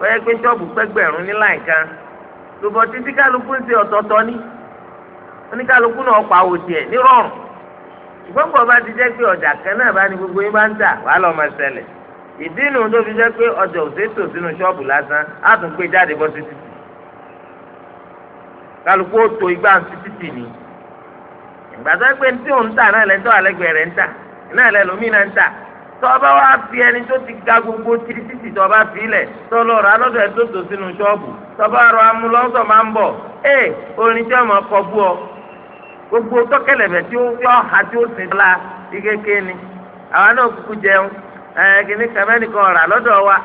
ó yẹ pé ṣọ́ọ̀bù pẹgbẹrún ní láì kan títí kálukú ń ṣe ọ̀tọ̀ọ̀tọ̀ ní oníkálukú náà nírọ̀rùn ṣùgbọ́n bá ti ọjà kan náà bá gbogbo yín bá ń tà ṣẹlẹ̀ ìdí inú tó fi jẹ́ pé ọjà sínú ṣọ́ọ̀bù kálukú ó igbá ni ìgbàdá pé tí òun tà náà lẹ́tọ́ àlẹ́gbẹ̀ẹ́ rẹ̀ ń tà náà náà tọ́ba fi ẹni tó ti ga gbogbo títí títí tọ́ba filẹ̀ tọ́lọ́ ra lọ́dọ̀ ẹ̀ tó tò sínú ṣọ́ọ̀bù tọ́ba rọ amúlọ́sọ̀ máa ń bọ̀ orin tí ọmọ kọ bú ọ gbogbo tí ó yọ ha tí ó sin la ikeke ni náà kúkú jẹun kìíní rà lọ́dọ̀ wa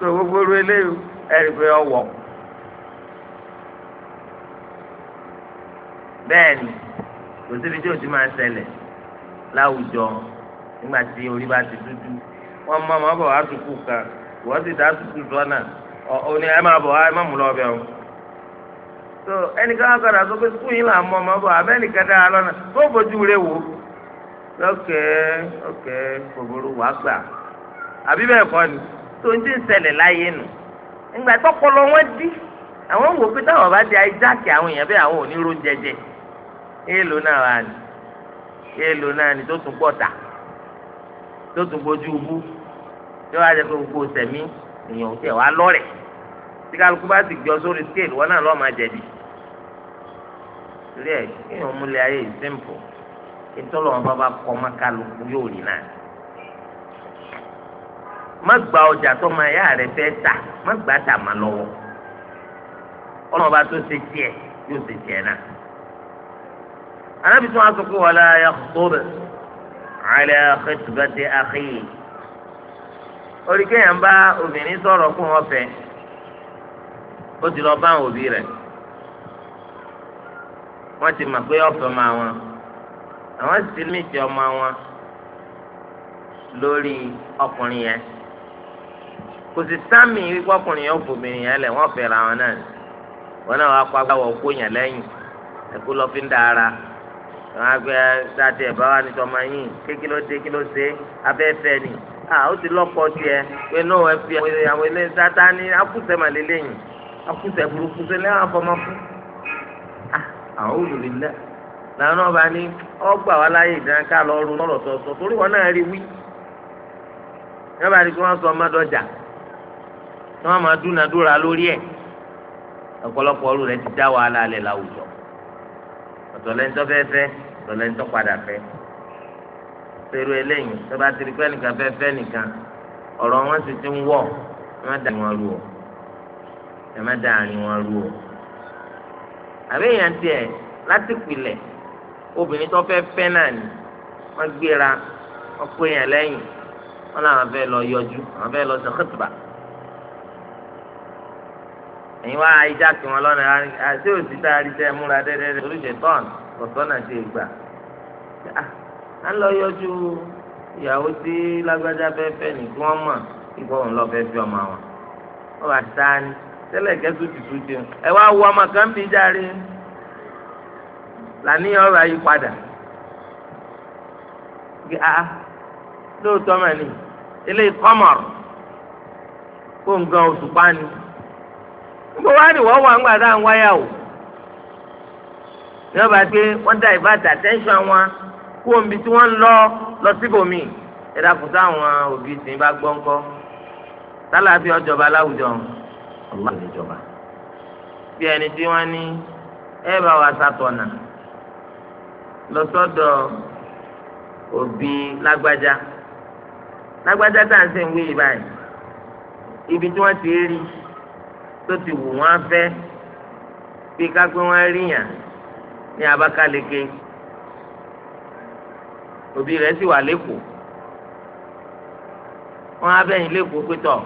[LAUGHS] ẹ̀rí pé ọwọ́ bẹ́ẹ̀ni, kò síbi tí òtí máa ṣẹlẹ̀ láwùjọ nígbà tí orí bá ti dúdú wọ́n mọ àwọn bọ̀ wá kan wọ́n sì dá sùkúù sọ́nà ọ̀ ní ẹ máa bọ̀ ẹ má mú lọ o. so ẹnìkan á padà sọ pé sùkúù yìí là ń mọ ọmọ bọ̀ abẹ́ dára lọ́nà tó bójú rẹ wò lọ́kẹ́ ọ̀kẹ́ kòkòrò wàá gbà àbí bẹ́ẹ̀ kọ́ ìgbà tọpọlọ wọn dí àwọn wò pé táwọn bá di ajáàkì àwọn èèyàn bẹ́ẹ̀ àwọn ò ní ró jẹjẹ èèlò náà wà ní èèlò náà ní tó tún gbọ́ta tó tún gbójú ubú tí wọ́n á jẹ́ pé gbogbo sẹ̀mí èèyàn ò tẹ̀ wá lọ́rẹ̀ tí kálukú bá sì jọ sórí scale wọn náà lọ́ọ́ máa jẹ̀bi torí ẹ̀ kí èèyàn múlẹ̀ ayé simple kí tọ́lọ́ wọn bá bá kọ́ mọ́ kálukú yóò rí náà má gba ọjà tó máa yá rẹ fẹ́ tà má gba tà má lọ́wọ́ ọlọ́mọba tó ṣe tiẹ̀ yóò ṣe tiẹ̀ náà. anábìsọ wọn sọ pé wàlá yàtọ̀bẹ̀ àlẹ́ àkẹ́tùbẹ́tẹ̀ àkẹ́yẹ. oríkèèyàn bá obìnrin sọ̀rọ̀ fún wọn fẹ́ ó ti lọ bá òbí rẹ̀ wọ́n ti mọ̀ pé ọ̀fẹ́ máa wọn àwọn sì ti mìtì ọmọ wọn lórí ọkùnrin yẹn. kò sì sáàmì wípé ọkùnrin yẹn obìnrin yẹn wọn náà ni wọn náà wàá pa kó lọ fi ń wọn sáàtì bá wà ní tọ́mọ yìí ké ló dé kí ló ṣe abẹ́fẹ́ ni ó ti ju ẹ pé náà fi àwọn sátani burúkú afọmọ fún àwọn ah, làwọn náà bá ní ọgbà láyé tí wọ́n máa dúnadúrà lórí ẹ̀ ọ̀pọ̀lọpọ̀ ọ̀rù rẹ̀ ti dá wàhálà alẹ́ láwùjọ ọ̀tọ̀lẹ́ńtọ́ fẹ́ fẹ́ ọ̀tọ̀lẹ́ńtọ́ padà fẹ́ pẹ̀lú eléyìí tó bá ti rí pé nìkan fẹ́ fẹ́ nìkan ọ̀rọ̀ wọn sì ti ń wọ̀ ẹ má dà wọn rú o ẹ má dà àárín wọn rú o àbí èèyàn tiẹ̀ láti pilẹ̀ obìnrin tó fẹ́ fẹ́ náà ni wọ́n gbéra wọ́n pé èèyàn lẹ́yìn wọ́n làwọn fẹ́ lọ yọjú àwọn fẹ́ lọ sọ ẹ̀yin wá ajá kí wọn lọ́nà àti òsì tá a rí tẹ́ múra dẹ́dẹ́dẹ́ oríṣi tọ́ọ̀n ọ̀sọ́nà ti gbà. Ah, à ń lọ yọjú ìyàwó tí lágbájá fẹ́ẹ́ fẹ́ ní kí wọ́n mọ̀ kíkọ́ òun lọ fẹ́ẹ́ fi ọmọ wọn. ó wà sáni tẹ́lẹ̀ kẹ́sù tìtú ti ń ẹ wá wo ọmọ kan bí járe làníyàn ọ̀rọ̀ ayé padà. Ah, ah, lóòótọ́ mọ̀ ni eléyìí kọ́mọ̀rọ̀ kó nǹkan oṣù pa ni mo wá ní wọ́n wà ń gbà tá à ń wáyà o yọba pé wọ́n dá ìbáàdì àtẹ́ńṣọ̀n wọn kú omi tí wọ́n ń lọ lọ síbòmí ẹ̀dá kùtà àwọn òbí tì í bá gbọ́ ńkọ́ tálàfi ọjọba láwùjọ ọlá ìjọba bí ẹni tí wọ́n ní ẹ bá wa sàtọ̀nà lọ sọ́dọ̀ òbí lágbájá lágbájá tá à ń sè ń wí yìí báyìí ibi tí wọ́n ti rí i tó ti wù wọ́n fẹ́ bí kápẹ́ wọn rí yàn ní Abakaliki òbí rẹ̀ sì wà lẹ́kọ̀ọ́ wọn abẹ́yìn lẹ́kọ̀ọ́ pétọ̀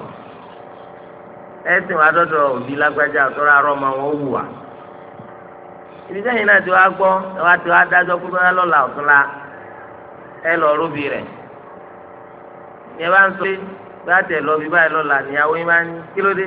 ẹ̀sìn wa dọ́dọ̀ òbí lágbájá ọ̀tọ́ra arọ́ ma wọn wù wá ibi sẹ́yìn náà ti wá gbọ́ ẹ wá ti wá dájọ́ kó bá lọ́la ọ̀túnla ẹ lọ róbì rẹ̀ yẹn bá ń sọ pé bá tẹ̀ lọ bí báyìí lọ́la níyàwó yín bá ń kí ló dé.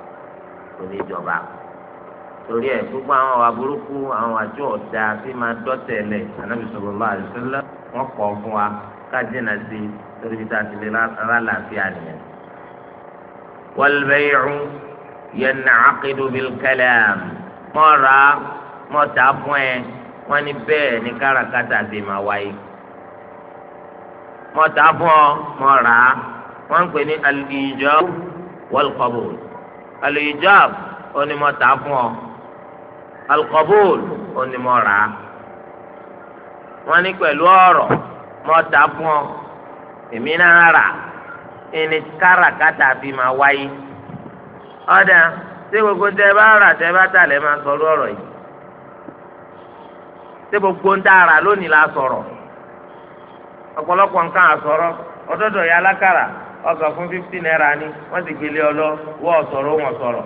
kò ní jọba torí ẹ gbogbo àwọn ọ̀wà burúkú àwọn àjọ ọ̀dà tí máa dọ́tẹ̀lẹ̀ anábì sallallahu alaihi wasallam wọn kọ̀ fún wa kájínà sí torí bí táà ti lè lálàáfíà nìyẹn. wal bay'u yan'aqidu bil kalam mọ́ ra fún ẹ wọ́n ní bẹ́ẹ̀ ní káràkátà ti máa wáyé. mọ́ fún ọ mọ́ wọ́n ń pè ní al-ijab al-ijab onímọ̀ tà fún ọ al-qabul onímọ̀ rà á wọ́n ní pẹ̀lú ọ̀rọ̀ mọ̀ tà fún ọ èmi náà rà ẹni káràkátà fi máa wáyé ọ̀dà tí gbogbo tẹ bá rà tẹ bá tà lẹ́ máa sọ lọ́rọ̀ yìí tí gbogbo ń tà rà lónìí la sọ̀rọ̀ ọ̀pọ̀lọpọ̀ nǹkan àsọ̀rọ̀ ọ̀dọ́dọ̀ yà lákàrà ọkọ̀ fún fifty naira ni wọ́n sì gbélé ọlọ́ wọ́n sọ̀rọ̀ wọ́n sọ̀rọ̀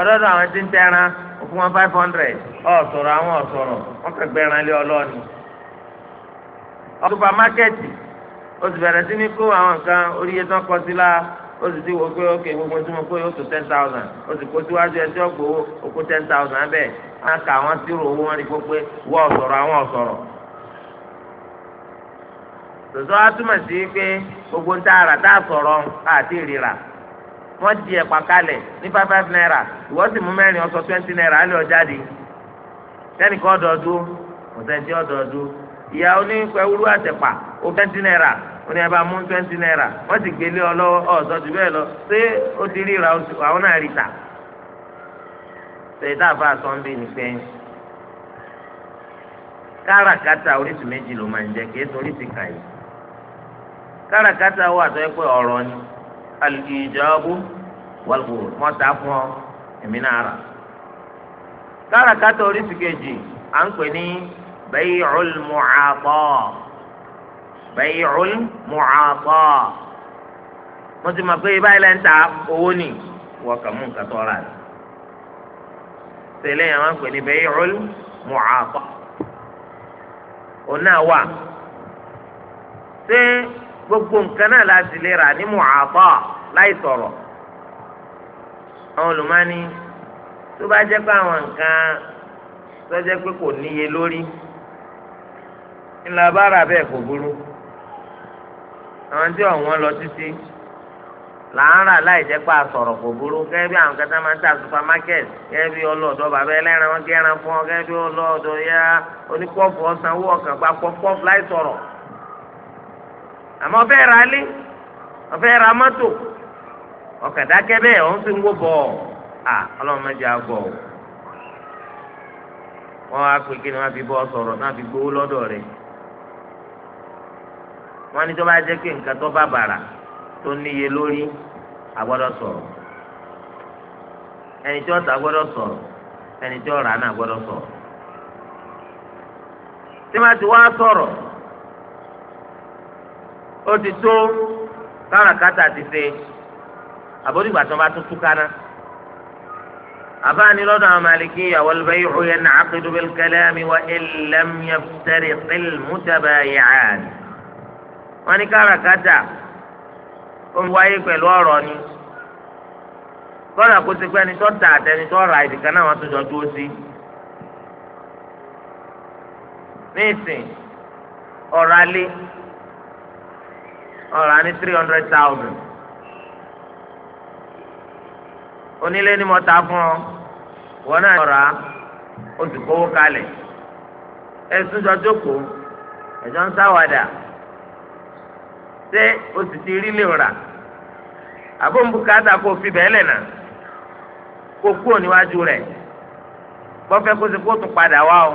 ọlọ́dọ̀ àwọn tí ń tẹ́ran fún wọn five hundred ọ̀sọ̀rọ̀ àwọn ọ̀sọ̀rọ̀ wọ́n fẹ́ gbẹ̀ràn lé ọlọ́ọ̀ni. supermarketi ó sì bẹ̀rẹ̀ sí ní kó àwọn nǹkan oríye tán kọ sí la o sì ti wò pé ókè gbogbo tí mo kó yóò tó ten thousand ó sì kó síwájú ẹjọ́ gbowó ó kó ten thousand bẹ́ẹ̀ á kà wọ́n sírò owó wọn rí pé wọ́n ọ̀sọ̀rọ̀ àwọn ọ̀sọ̀rọ̀ tòzọ́ á túmọ̀ pé gbogbo ń tààrà tá a àti ìrira wọ́n di ẹ̀pà kalẹ̀ ní five naira ìwọ sì mú mẹ́rin ọsọ twenty naira á ọjà di sẹ́nìkan ọ̀dọ̀ọ̀dún kò sẹ́ńtì ọ̀dọ̀ọ̀dún ìyá ó twenty naira mú twenty naira sì gbélé ọ lọ ṣé ó ti ríra àwọn náà rí ta ṣèyí tá a káràkátà wà tó yẹ pé ọ̀rọ̀ ni alìjọ́bù wàlúù mọ́ta fún ọ èmi náà rà káràkátà oríṣi kejì à ń pè ní bay'ul mu'ata bay'ul mu'ata mo ti mọ̀ pé báyìí lẹ́ ta owó ni wọ́n kà mú nǹkan tó rà tẹ́lẹ̀ yẹn wọ́n pè ní bay'ul mu'ata òun náà wà ṣé gbogbo nǹkan náà láti lè rà ní mu'ata láì sọ̀rọ̀ àwọn olùmọ́ni tó bá jẹ́ pé àwọn nǹkan tó jẹ́ pé kò níye lórí ńlá bára bẹ́ẹ̀ kò burú àwọn tí ọ̀wọ́n lọ títí là ń rà láì jẹ́ pé àsọ̀rọ̀ kò burú gẹ́gẹ́ bí àwọn kẹta máa ń ta supermarket gẹ́gẹ́ bí ọlọ́ọ̀dọ́ bàbá ẹlẹ́ran wọn gẹ́ran fún ọ gẹ́gẹ́ bí ọlọ́ọ̀dọ́ yá oníkọ́ọ̀fù ọ̀sánwó ọ̀kàn pa pọ́pọ́ọ̀fù láì sọ̀rọ̀ àmọ́ ọ̀fẹ́ ra lé ọ̀fẹ́ ra mọ́tò ọ̀kàdákẹ́ bẹ́ẹ̀ ọ̀hún ń wó à ọlọ́run mẹ́jọ àgọ̀ ọ̀ wọ́n á pè kí ni wọ́n fi bọ́ sọ̀rọ̀ náà fi gbowó lọdọ rẹ̀ wọ́n ní tó bá jẹ́ pé nǹkan tó bá bàrà tó níye lórí agbọdọ sọrọ. ẹni tí ẹni tí rà ó ti tó káràkátà ti ṣe àbódìgbà tó bá a túkánná àbáni lọ́dọ̀ àwọn maliki wal bay'u yan'aqidu bil kalami wa illam yaftariqil mutabayi'an wọ́n ní káràkátà ó ń wáyé pẹ̀lú ọ̀rọ̀ ni kọ́dà kó ti ẹni tó tà àtẹni tó rà ìdìkan náà wọ́n tó jọ dúró sí. ní ìsìn ọ̀rọ̀ Ọrọ ní three hundred thousand onílé ni mo fún ọ wọn náà ọrọ oṣù kówó kalẹ̀ ẹ̀sùn jọ ń ṣé o sì ti rí lè rà àbó o fi bẹ́ẹ̀ lẹ̀ náà kó o kúrò níwájú rẹ̀ gbọ́fẹ́ kó sì kó tún padà wá o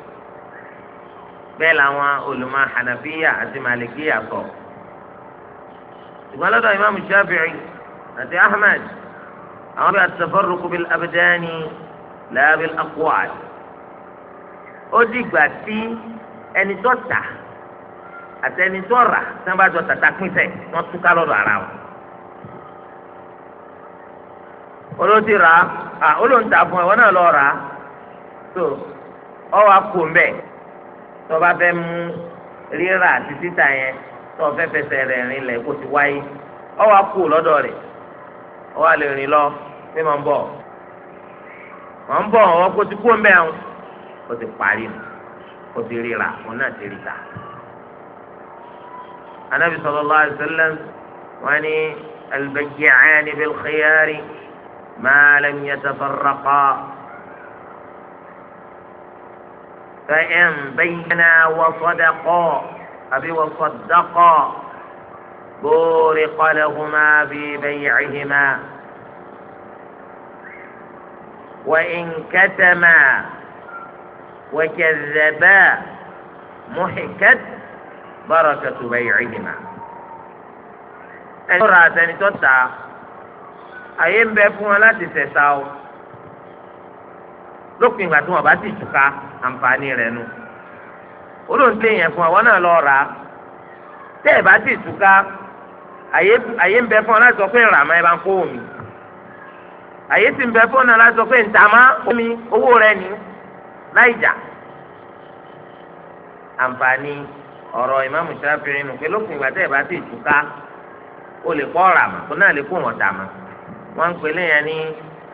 bẹ́ẹ̀ làwọn olùmọ̀ hanafiya àti malikiya sọ ṣùgbọ́n lọ́dọ̀ imaamu shafi'i àti ahmed àwọn bíi atafarruku bil abdani la bil aqwal ó dìgbà tí ẹni tó tà àti ẹni tó rà tí bá jọ tàtà pín sẹ wọn túká lọ́dọ̀ ara wọn. olóòtú rà á olóòtú àfọwọ́ náà lọ rà á ọ wà kó mbẹ́ tó bá fẹ́ mú rírà àti títà yẹn tó fẹ́ fẹsẹ̀ rẹ̀ rìn lẹ̀ kó ti wáyé ọ wá kú lọ́dọ̀ rẹ̀ ọ wá lè rìn lọ pé mọ̀ ń bọ̀ mọ̀ ń bọ̀ ọ kó ti kú ń bẹ̀ kó ti parí mu kó ti rírà òun náà ti rìta. anabi sallallahu alaihi wasallam wọn ni albayya'ani bil khiyari ma lam yatafarraqa. فإن بينا وصدقا أبي وصدقا بورق لهما في بيعهما وإن كتما وكذبا محكت بركة بيعهما ẹni tó ra àtẹni tó ta àyè ń lópin ìgbà tí wọn bá ti túká àǹfààní rẹ nu olóńtẹ yẹn fún àwọn náà lọ rà á tẹ́ ẹ bá ti túká àyè ń bẹ fún ọ láti sọ pé ràmá ẹ bá ń kó omi àyè sì ń bẹ fún ọ náà láti sọ pé ntàmá omi owó rẹ ni láì jà àǹfààní ọ̀rọ̀ ìmáàmù Ṣáfi'í nù pé lópin ìgbà tẹ́ ẹ bá ti túká o lè kọ́ ràmá kó náà lè kó wọn tàmá wọn ń pè léyìn ní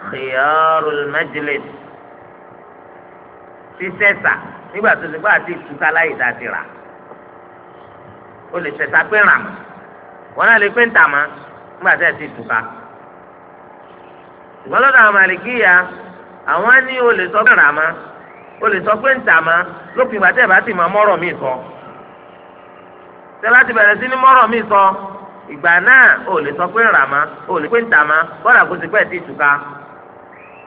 khiyarul majlis. ti sẹ́sà nígbà tó ti gbọ́ àti ìtúta láyé ti o lè sẹ́sà pé ràn mọ́ wọn náà lè pé ń tà mọ́ nígbà tó ti ìtúta ṣùgbọ́n lọ́dọ̀ àwọn màlìkíyà àwọn ní o lè sọ pé ràn mọ́ o lè sọ pé ń tà mọ́ lópin ìgbà ẹ̀ bá ti mọ mọ́rọ̀ mi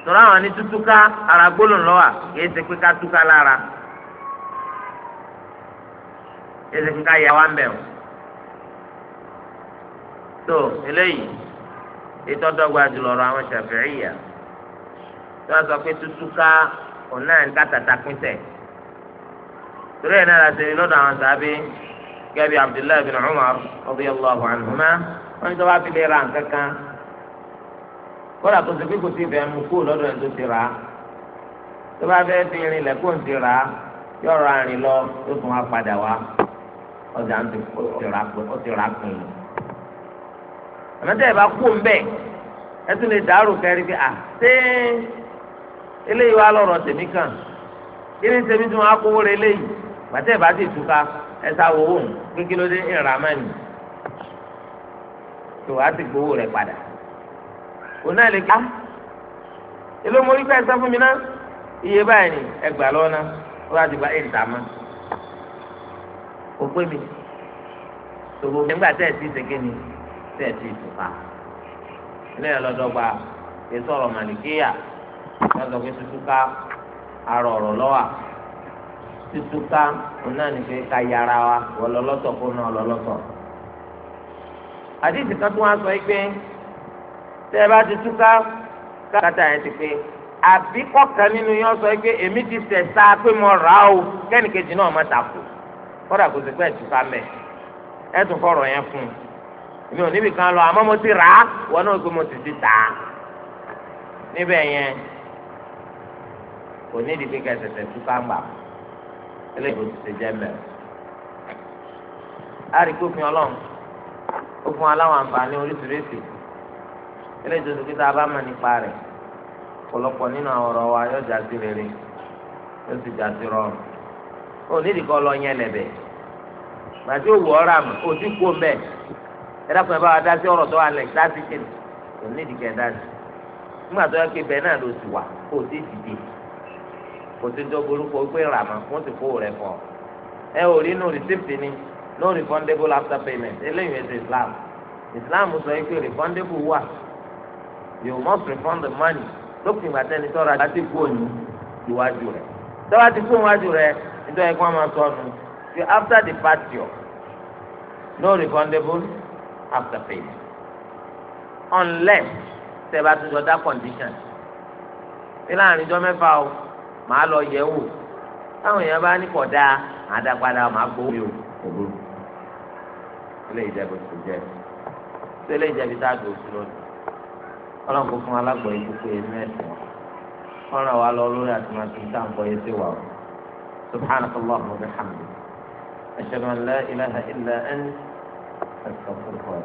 tọ́lá àwọn ní tútúká ara gbólóhùn lọ́wà kìí ṣe pé ká túká lára kìí ṣe pé ká yà wá ń bẹ̀ tó eléyìí ìtọ́dọ́gba jùlọ ọ̀rọ̀ àwọn Ṣàfi'íyà tí wọ́n sọ pé tútúká òun náà ń ká tàtà torí ẹ̀ náà láti rí lọ́dọ̀ àwọn sàbí Abdullahi bin Umar radiyallahu anhuma wọ́n ní tó bá fi lè ra nǹkan kan. kọ́dà tó ṣe pé kò sí ìfẹ́ mu kú lọ́dọ̀ ẹ̀ tó ti rà bá fẹ́ irin lẹ̀ kó ń ti rà á lọ tó tún wá padà wá ọjà ń ti rà á pin lọ. àmọ́tẹ́ ẹ̀ bá kú ń bẹ̀ ẹ tún lè dàrú kẹrin pé à ṣé eléyìí wá lọ́rọ̀ tèmi kàn tèmi tún wá kówó gbàtẹ́ ẹ̀ bá ti gbowó òun náà lè ká èló mo rí fún mi iye báyìí ni ti gba ẹ̀ mọ́ kò mi tòbó nígbà tẹ́ ẹ̀ ni tẹ́ ẹ̀ ti tùpá ilé ọlọ́dọ́gba kì í màlìkéyà lọ́dọ̀ pé tutuka arọ ọ̀rọ̀ lọ́wà wa sọ yìí pé. tẹ́ ẹ bá ti túká kátà yẹn ti pé àbí kọ̀ọ̀kan nínú yẹn sọ pé èmi ti tẹ̀ sá pé mo rà ó kẹ́nìkejì náà má takò kọ́dà kò sí pé ẹ̀ túká mẹ́ ẹ̀ tún fọ̀rọ̀ yẹn fún un èmi ò níbi kan lọ àmọ́ mo ti rà á wọn náà gbé mo sì ti tà á níbẹ̀ yẹn kò ní ìdíje kẹsẹsẹ túká ń eléyìí kò ti ṣe jẹ a rí i pé òfin ọlọ́run ó fún wa láwọn àǹfààní oríṣiríṣi eléyìí tó dókítà bá mọ̀ nípa rẹ̀ ọ̀pọ̀lọpọ̀ nínú àwọn ọ̀rọ̀ wa yóò já sí rere yóò sì já sí rọrùn ó nídìí kọ́ lọ yẹn lẹ̀bẹ̀ gbàtí ó wù ọ́ rà mọ̀ kò sí kú mbẹ́ ẹ dákun ẹ bá wa dá sí ọ̀rọ̀ tó wà lẹ̀ dá sí kìnnì kò nídìí kẹ́ dá sí nígbà tó yẹ kí bẹ́ẹ̀ náà ló sì wà kò sí dìde kò sí tó burúkú ó gbé wọ́n sì kó rẹ̀ fọ́ ẹ ò rí inú rìsíptì ni no refundable after payment eléyìí ẹsẹ̀ Islam Islam sọ pé refundable you must refund the money lópin ìgbà tẹ́ni tọ́ra àti kú òní ìwájú rẹ̀ tọ́wá ti kú ìwájú rẹ̀ nítorí ẹ̀kọ́ máa sọ ọ́nu say after the departure no refundable after pay unless tẹ́bà tó jọ dá condition ní láàrin ìjọ mẹ́fà o màá lọ yẹ̀ wò táwọn èèyàn bá ní kọ̀ dáa màá dá padà màá gbowó mi o òbúrú ilé ìjẹ́bù tó jẹ́ ilé ìjẹ́bù tá a dùn sí lónìí ọlọ́run kò fún alágbọ̀ yìí kókó yẹn mẹ́sàn án ọ̀ràn wa lọ lórí àtúmọ̀tì sáǹpọ̀ yẹn ti wà ó subhanaka allahumma wa bihamdika ashhadu an la ilaha illa anta astaghfiruka wa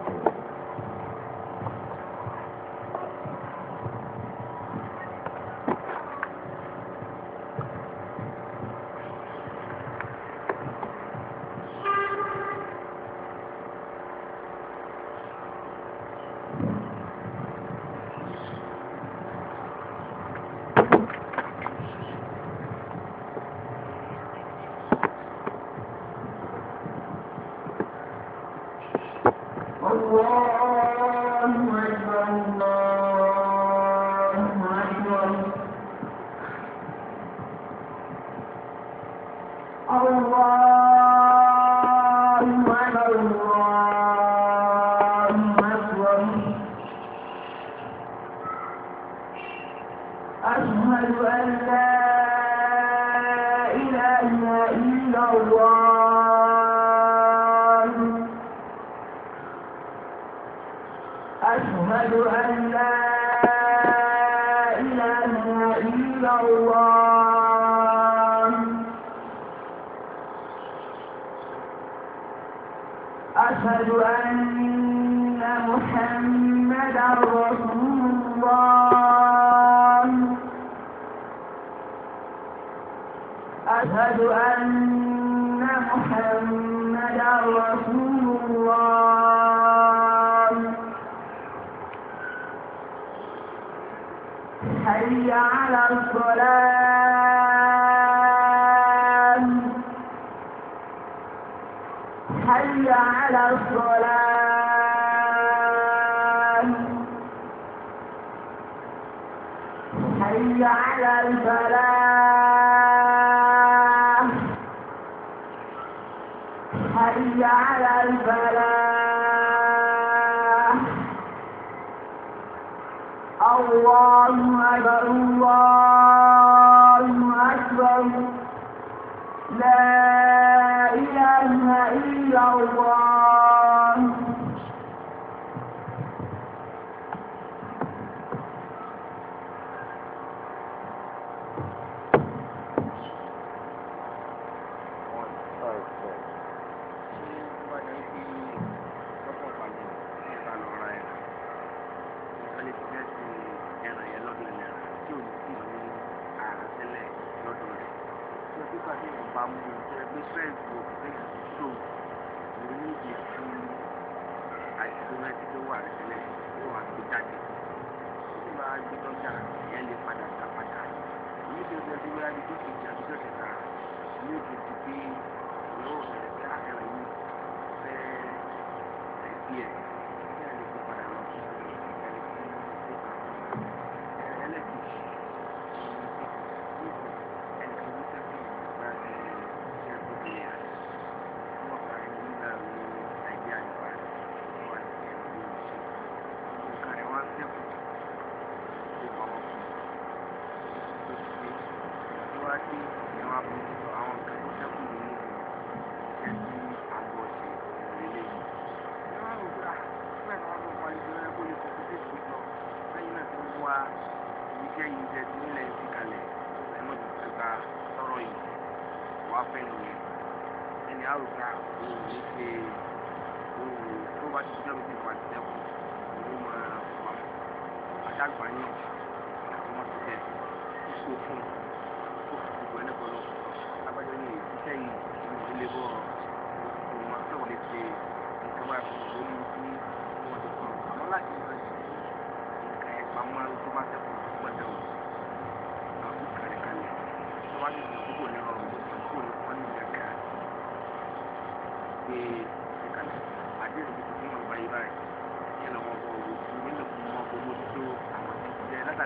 حي على الفلاح حي على الفلاح الله أكبر الله أكبر لا إله إلا الله wà tẹ́lẹ̀ yóò wá gbé jáde ó sì máa gbé dọ́jà ìyẹn lè padà ta padà èyí tó ṣe ti wáyé tó ti jà tó ti ta ní òkèèjì pé ìyẹn ò bẹ̀rẹ̀ ká ẹ̀rọ yìí fẹ́ẹ́ ẹ̀ díẹ̀.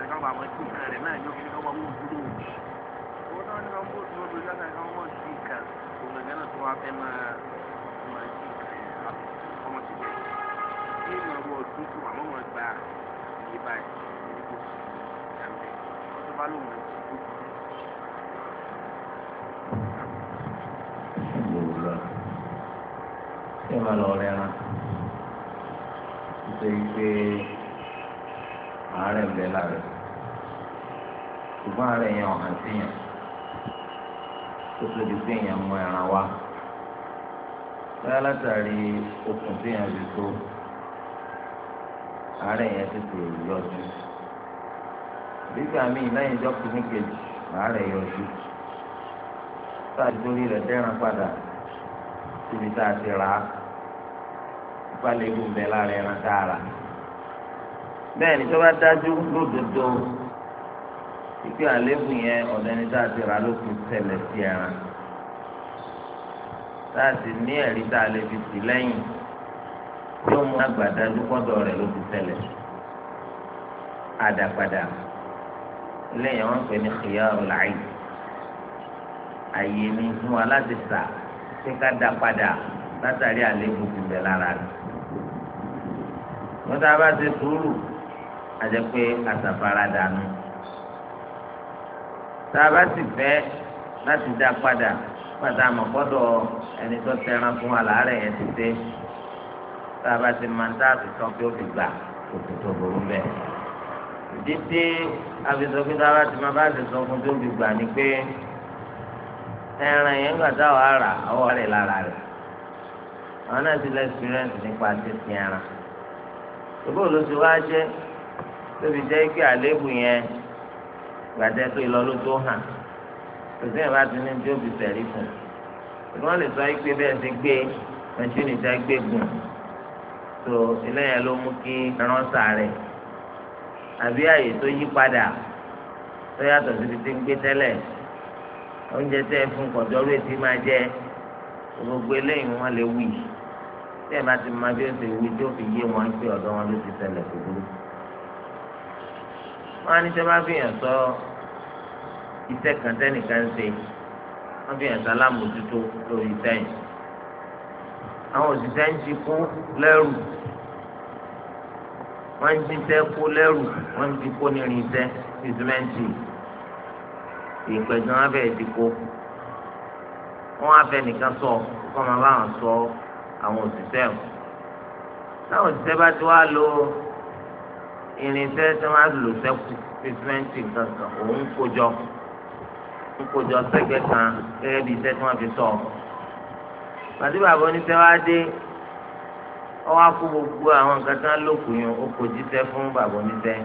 látàrí káwọn bá mọ sí nǹkan rẹ̀ náà yóò fi ní káwọn wọ́n dúró owó náà ní káwọn bó dúró lórí látàrí káwọn wọ́n sí nǹkan òun ẹ̀gẹ́ náà tó wá fẹ́ máa máa sí nǹkan yẹn ọmọ sí nǹkan yẹn ní ìmọ̀ wọ́n tún tún àmọ́ wọn gba iye báyìí ní kò sí ìyàmbẹ́ tó bá lóun ẹ̀ sí gbogbo. ṣé lọ rẹ ẹran nítorí pé àárẹ̀ ń bẹ lára ṣùgbọ́n ara èèyàn hàn síyàn tó tó di pé èèyàn mú ẹran látàrí okùn síyàn fi tó ara èèyàn tètè yọjú nígbà míì lẹ́yìn ìjọ kìíní kejì ààrẹ yọjú sáà torí rẹ̀ dẹ́ran padà síbi tá a ti rà á bẹ́ẹ̀ ni tó bá dájú lódodo. ìpè àléébù yẹn ọ̀dọ̀ ẹni tá a ti rà lókun tẹ̀lẹ̀ sí ẹran tá a ti ní ẹ̀rí tá a lè fi sí lẹ́yìn tí ó mú àgbàdájú kọ́dọ̀ rẹ̀ lókun tẹ̀lẹ̀ àdàpadà lẹ́yìn wọn pè ní khiyarul ayn àyè ni fún wa láti sà pé ká dá padà látàrí àléébù ti bẹ̀ lára rẹ̀ wọ́n tá a bá ti sùúrù àjẹpé àtàfàrà dànù tá a bá sì fẹ́ láti dá padà pàtà àmọ̀gbọ́dọ̀ ẹni tó tẹran fún àlàárẹ̀ yẹn ti dé tá a bá ti máa ń dá àfisàn pé ó fi gbà òkú tó burú bẹ́ẹ̀. ìdí tí àfisàn pé tá a bá ti máa bá àfisàn fún tó fi gbà ni pé ẹran yẹn gbà táwọn ara ọwọ́ rẹ̀ lára rẹ̀ àwọn náà ti lọ experience nípa títí ẹran. ìbò ló ti wá jẹ́ tóbi jẹ́ pé àléébù yẹn gbàdé pé lọ ló tó hàn tòsí ìbá ti ní tí ó fi sẹ̀rí fún un wọ́n lè sọ pé bẹ́ẹ̀ ti gbé mẹ́ṣíìnì tá gbé gùn tó eléyàn ló mú kí ẹran sàárẹ̀ àbí àyè tó yí padà tó yàtọ̀ síbi tí ń gbé tẹ́lẹ̀ oúnjẹ tẹ́ ẹ fún kọ̀jọ́rú ètí máa jẹ gbogbo eléyìí wọ́n lè wí tí ẹ bá ti máa bí ó ti wí tí ó fi yé wọn pé ọ̀dọ́ wọn ló ti ṣẹlẹ̀ kúkúrú. wọ́n á ní sẹ́ bá fi hàn sọ iṣẹ́ kan tẹ́nìkan ṣe wọ́n fi hàn sálámùtútó lórí sẹ́yìn àwọn òṣìṣẹ́ ń jí kó lẹ́rù wọ́n ń jíṣẹ́ kó lẹ́rù wọ́n ń jí kó nírin iṣẹ́ ìsúmẹ́ǹtì ìpẹ̀jọ́ wọn fẹ́ẹ́ di kó wọ́n á fẹ́ nìkan sọ kọ́ máa bá wọn sọ àwọn òṣìṣẹ́ o táwọn òṣìṣẹ́ bá ti wá lo irinṣẹ́ tí wọ́n á lò sẹ́kù ìsúmẹ́ǹtì kankan òun kó jọ kójọ sẹ́gbẹ́ kan gẹ́gẹ́ bíi iṣẹ́ tí wọ́n fi sọ. pàtí bàbá oníṣẹ́ wá dé ọwọ́ akó gbogbo àwọn nǹkan tán lókun yẹn ó kò jíṣẹ́ fún bàbá oníṣẹ́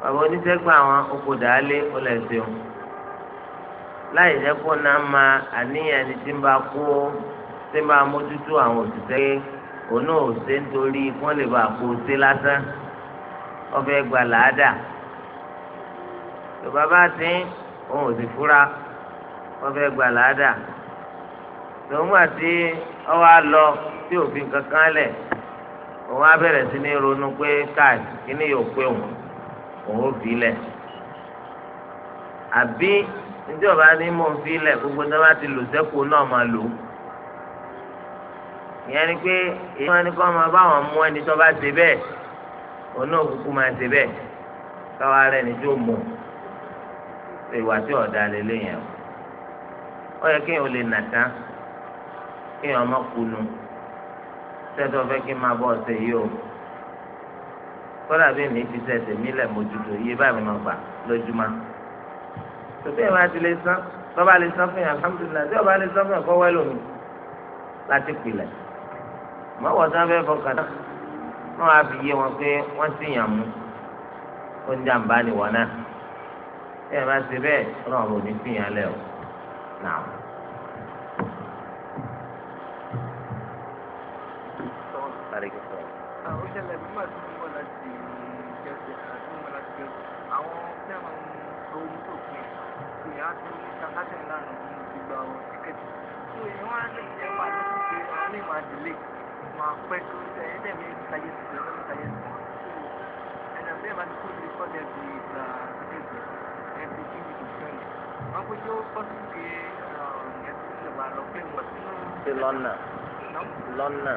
bàbá oníṣẹ́ gba àwọn oko dàálé ó lẹ̀ ṣeun láì jẹ́ kó náà máa àníyàn ẹni tí ń bá kó tí ń bá mójútó àwọn òṣìṣẹ́ òun náà ò ṣe nítorí wọ́n lè bá kó ṣe lásán ọbẹ̀ gbà làádà bàbá ti ń. òun ò sì fura wọ́n fẹ́ gbà láàdà lòun àti ọwọ́ àlọ tí òfin kankan lẹ̀ òun á sí ní ronú pé káàdì kíní yóò pé òun òun fi lẹ̀ àbí níjọba ní mò ń fi lẹ̀ gbogbo ní ma ti lò sẹ́kù náà máa lò ìyẹn ni pé èyí wọn ni kọ́ máa bá wọn mú ẹni tó bá ṣe bẹ́ẹ̀ òun náà kúkú máa ìwà tí ọ̀dà lélẹ̀ yẹn ó yẹ kéèyàn ó lè nàta kéèyàn ọmọ kunu sẹ́dọ̀ fẹ́ kí máa bọ́ ọ̀sẹ̀ yìí o kọ́lá bẹ́ẹ̀ mi ti sẹ̀sẹ̀ mi lẹ̀ mójútó iye báyìí mo gbà lójúmọ́ tòbí ẹ̀ máa ti lè san tọ́ba lè san fún yàn alhamdulilayi tí ọba lè san fún yàn kọ́ wẹ́ lómi láti pilẹ̀ mọ́ wọ́n fẹ́ fọkàn náà wọ́n á fi yé wọn pé wọ́n sì yàn mú ó ń jàǹbá nìwọ náà ẹ bá ṣe bẹ́ẹ̀ ọlọ́run ò ní fi yàn lẹ o náà. àwọn ìṣẹ̀lẹ̀ mímọ̀ tí mo wọ́n láti jẹ́sẹ̀ àti mo láti jẹ́sẹ̀ àwọn tí àwọn ohun tó pin kò yá tó ní sàkásẹ̀ lánàá ní ìgbà ọ̀rọ̀ tíkẹ́tì ṣe lọ́nà lọ́nà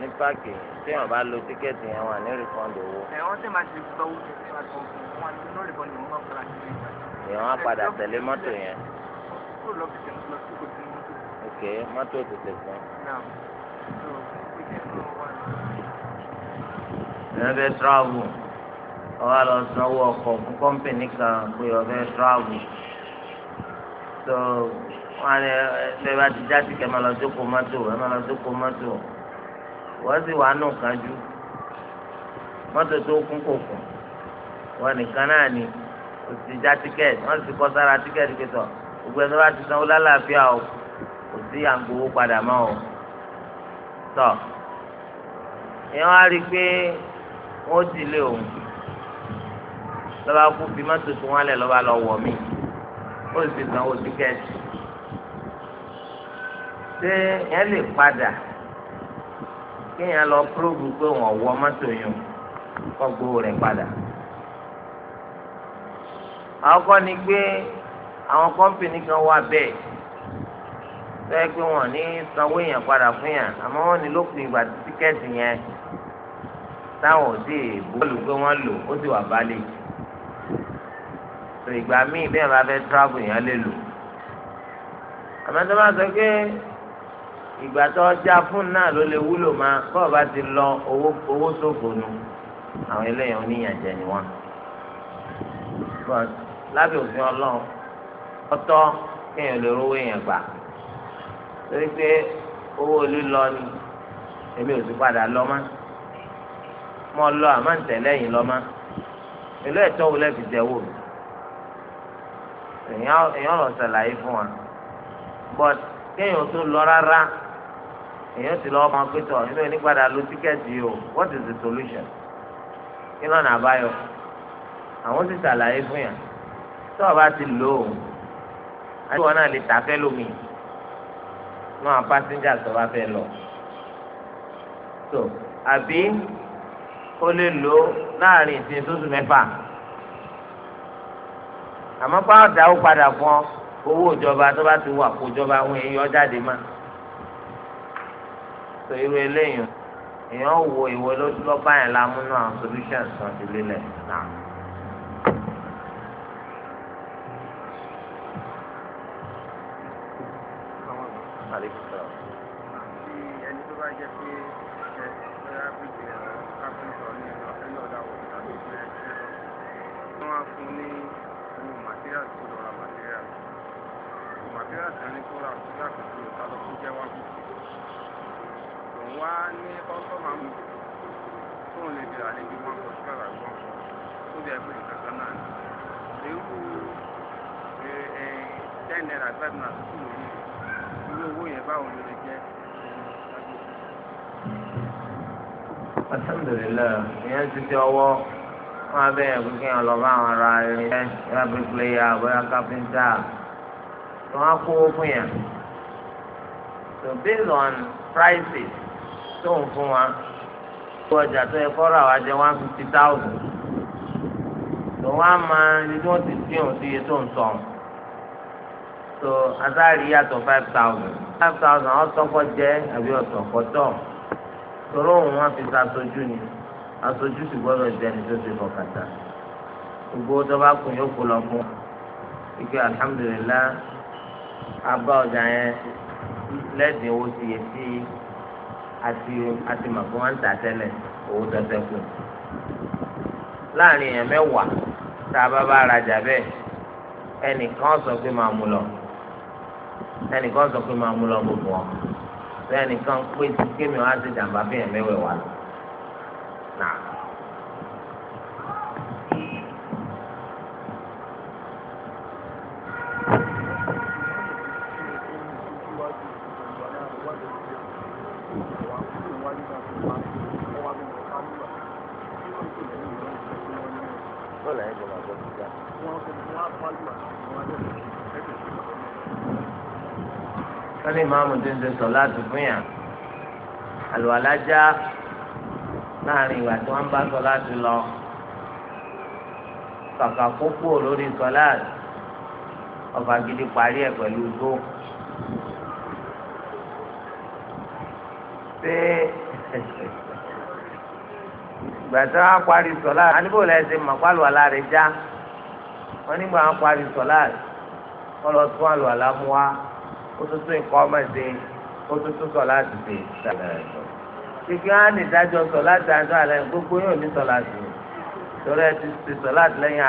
ní páàkì tí wọ́n bá lo tíkẹ́ẹ̀tì yẹn wà ní rìfọ́ǹdì owó. ẹ̀wọ́n tí màá ṣe gbọ́ owó tí màá ṣe fún wọn ní rìfọ́ǹdì wọn bá fara sí i. ìyẹn wọn padà tẹ̀lé mọ́tò yẹn. ok mọ́tò tètè fún èèyàn fẹ́ tíráàbù ọwọ́ àlọ́ sanwó ọkọ̀ fún kọ́mpìnì kan pé ọ̀fẹ́ tíráàbù tó wọn ni ẹ bá ti jáde kẹ́ ẹ máa lọ jókòó mọ́tò ẹ máa lọ jókòó mọ́tò wọ́n sì wà nù kánjú mọ́tò tó kún kò kún wọn nìkan náà ni kò sì já tíkẹ́ẹ̀tì wọ́n sì kọ́ sára tíkẹ́ẹ̀tì pé tọ̀ gbogbo ẹni bá ti sanwó lálàáfíà o kò sí àǹgbowó padà mọ́ o tọ̀ ìyẹn wá rí i pé wọ́n sì lé òun lọ́ba kú fi mọ́tò tí wọ́n lẹ̀ lọ́ba lọ wọ̀ mí ó sì san owó tíkẹ́ẹ̀tì ṣé yẹn lè padà kéèyàn lọ próòbù pé wọ́n wọ mọ́tò yẹn kọ́ gbowó rẹ̀ padà àwọn kọ́ ni pé àwọn kọ́mpìnì kan wà bẹ́ẹ̀ sọ pé wọ́n ní sanwó èèyàn padà fún yàn àmọ́ wọ́n ní lópin ìgbà tíkẹ́ẹ̀tì yẹn táwọn ò sì bọ́ọ̀lù pé wọ́n lò ó sì wà balẹ̀ tó ìgbà míì bẹ́ẹ̀ bá fẹ́ travel yẹn lè lò àmọ́ tó bá sọ pé ìgbà tó já fún náà ló lè wúlò máa bọ́ọ̀ bá ti lọ owó owó ṣòfò nu àwọn eléyàn oníyànjẹ ni wọn lábẹ́ òfin ọlọ́run ọtọ́ kéèyàn lè rówó èèyàn gbà torí pé owó lílọ ni èmi ò sì padà lọ mọ́ mọ lọ àmọ́ ntẹ̀lẹ́yìn lọ́mọ ìlú ẹ̀tọ́ wo lẹ́bi dẹ́wò mi èèyàn lọ sàlàyé fún wa but kéèyàn tó lọ rárá èèyàn ti lọ ọmọ pétọ nínú onígbàdà ló tíkẹ́ẹ̀tì o what is the solution kí lọ́nà àbáyọ àwọn ti sàlàyé fún yàn tó o bá ti lò ó àti wọn náà lè tà fẹ́ lómi náà pásíńjà tó bá fẹ́ lọ so àbí ó lè lò ó láàrin ìsìn sóṣù mẹ́fà àmọ́ pàdà ó padà fún owó ìjọba tó bá ti wà kó ìjọba àwọn èèyàn jáde má tó irú eléyìí èèyàn wò ìwé lọ́ọ́ báyìí lámúnú àwọn solutions kan ti lélẹ̀ náà. alhamdulilayi ìyẹn ti ti ọwọ́ wọn abẹ́ yẹn lọ bá àwọn ará irinṣẹ́ bóyá pírípìlẹ́yà bóyá káfíńtà tí wọ́n á kówó fún yẹn. so based on prices tó ń fún wa kó ọjà tó yẹ kọ́ra wa jẹ́ one fifty thousand tó wọ́n á máa ibi tí wọ́n ti dín òun sí iye tó ń sọ so azáàrí yàtọ̀ five thousand five thousand ọ̀sọ́kọ̀ jẹ́ àbí ọ̀sọ̀kọ̀ tọ̀ tọrọ òun wá fi ṣàṣojú ni aṣojú sì gbọ́dọ̀ jẹ ẹni tó ṣe fọkàtà gbogbo tó bá kún yóò kó lọ fún ike alhamdulillah abá ọjà yẹn lẹ́sìn owó ti yẹ sí àti àti màkó wọn ń tà tẹ́lẹ̀ owó tọ́tẹ́ kù láàrin èèyàn mẹ́wàá tá a bá bá rajà bẹ́ẹ̀ ẹnìkan sọ pé màá mú lọ ẹnìkan sọ pé màá mú lọ gbogbo wọn bẹ́ẹ̀ nìkan pé kémi wá sí jàǹbá bí ẹ̀mẹ́wẹ̀ wà lọ. wọ́n ní màmú tó ń ṣe sọ láti fún yàn àlùwàlájá láàrin ìgbà tí wọ́n bá sọ láti lọ kàkà kókó lórí sọ láti ọba gidi parí ẹ̀ pẹ̀lú gbó. ṣé ìgbà tí parí sọ láti àníbò lẹ́sẹ̀ mọ̀ pálọ̀ aláàrẹ̀ já wọ́n nígbà wọ́n parí sọ láti wọ́n lọ tún àlùwàlá ó tún tún nǹkan ọmọ sọ láti ṣe dáadáa ẹ̀ṣọ́. kíkí á sọ láti àjọ àlẹ́ gbogbo yóò ní sọ láti torí ẹ ti ṣe sọ láti lẹ́yìn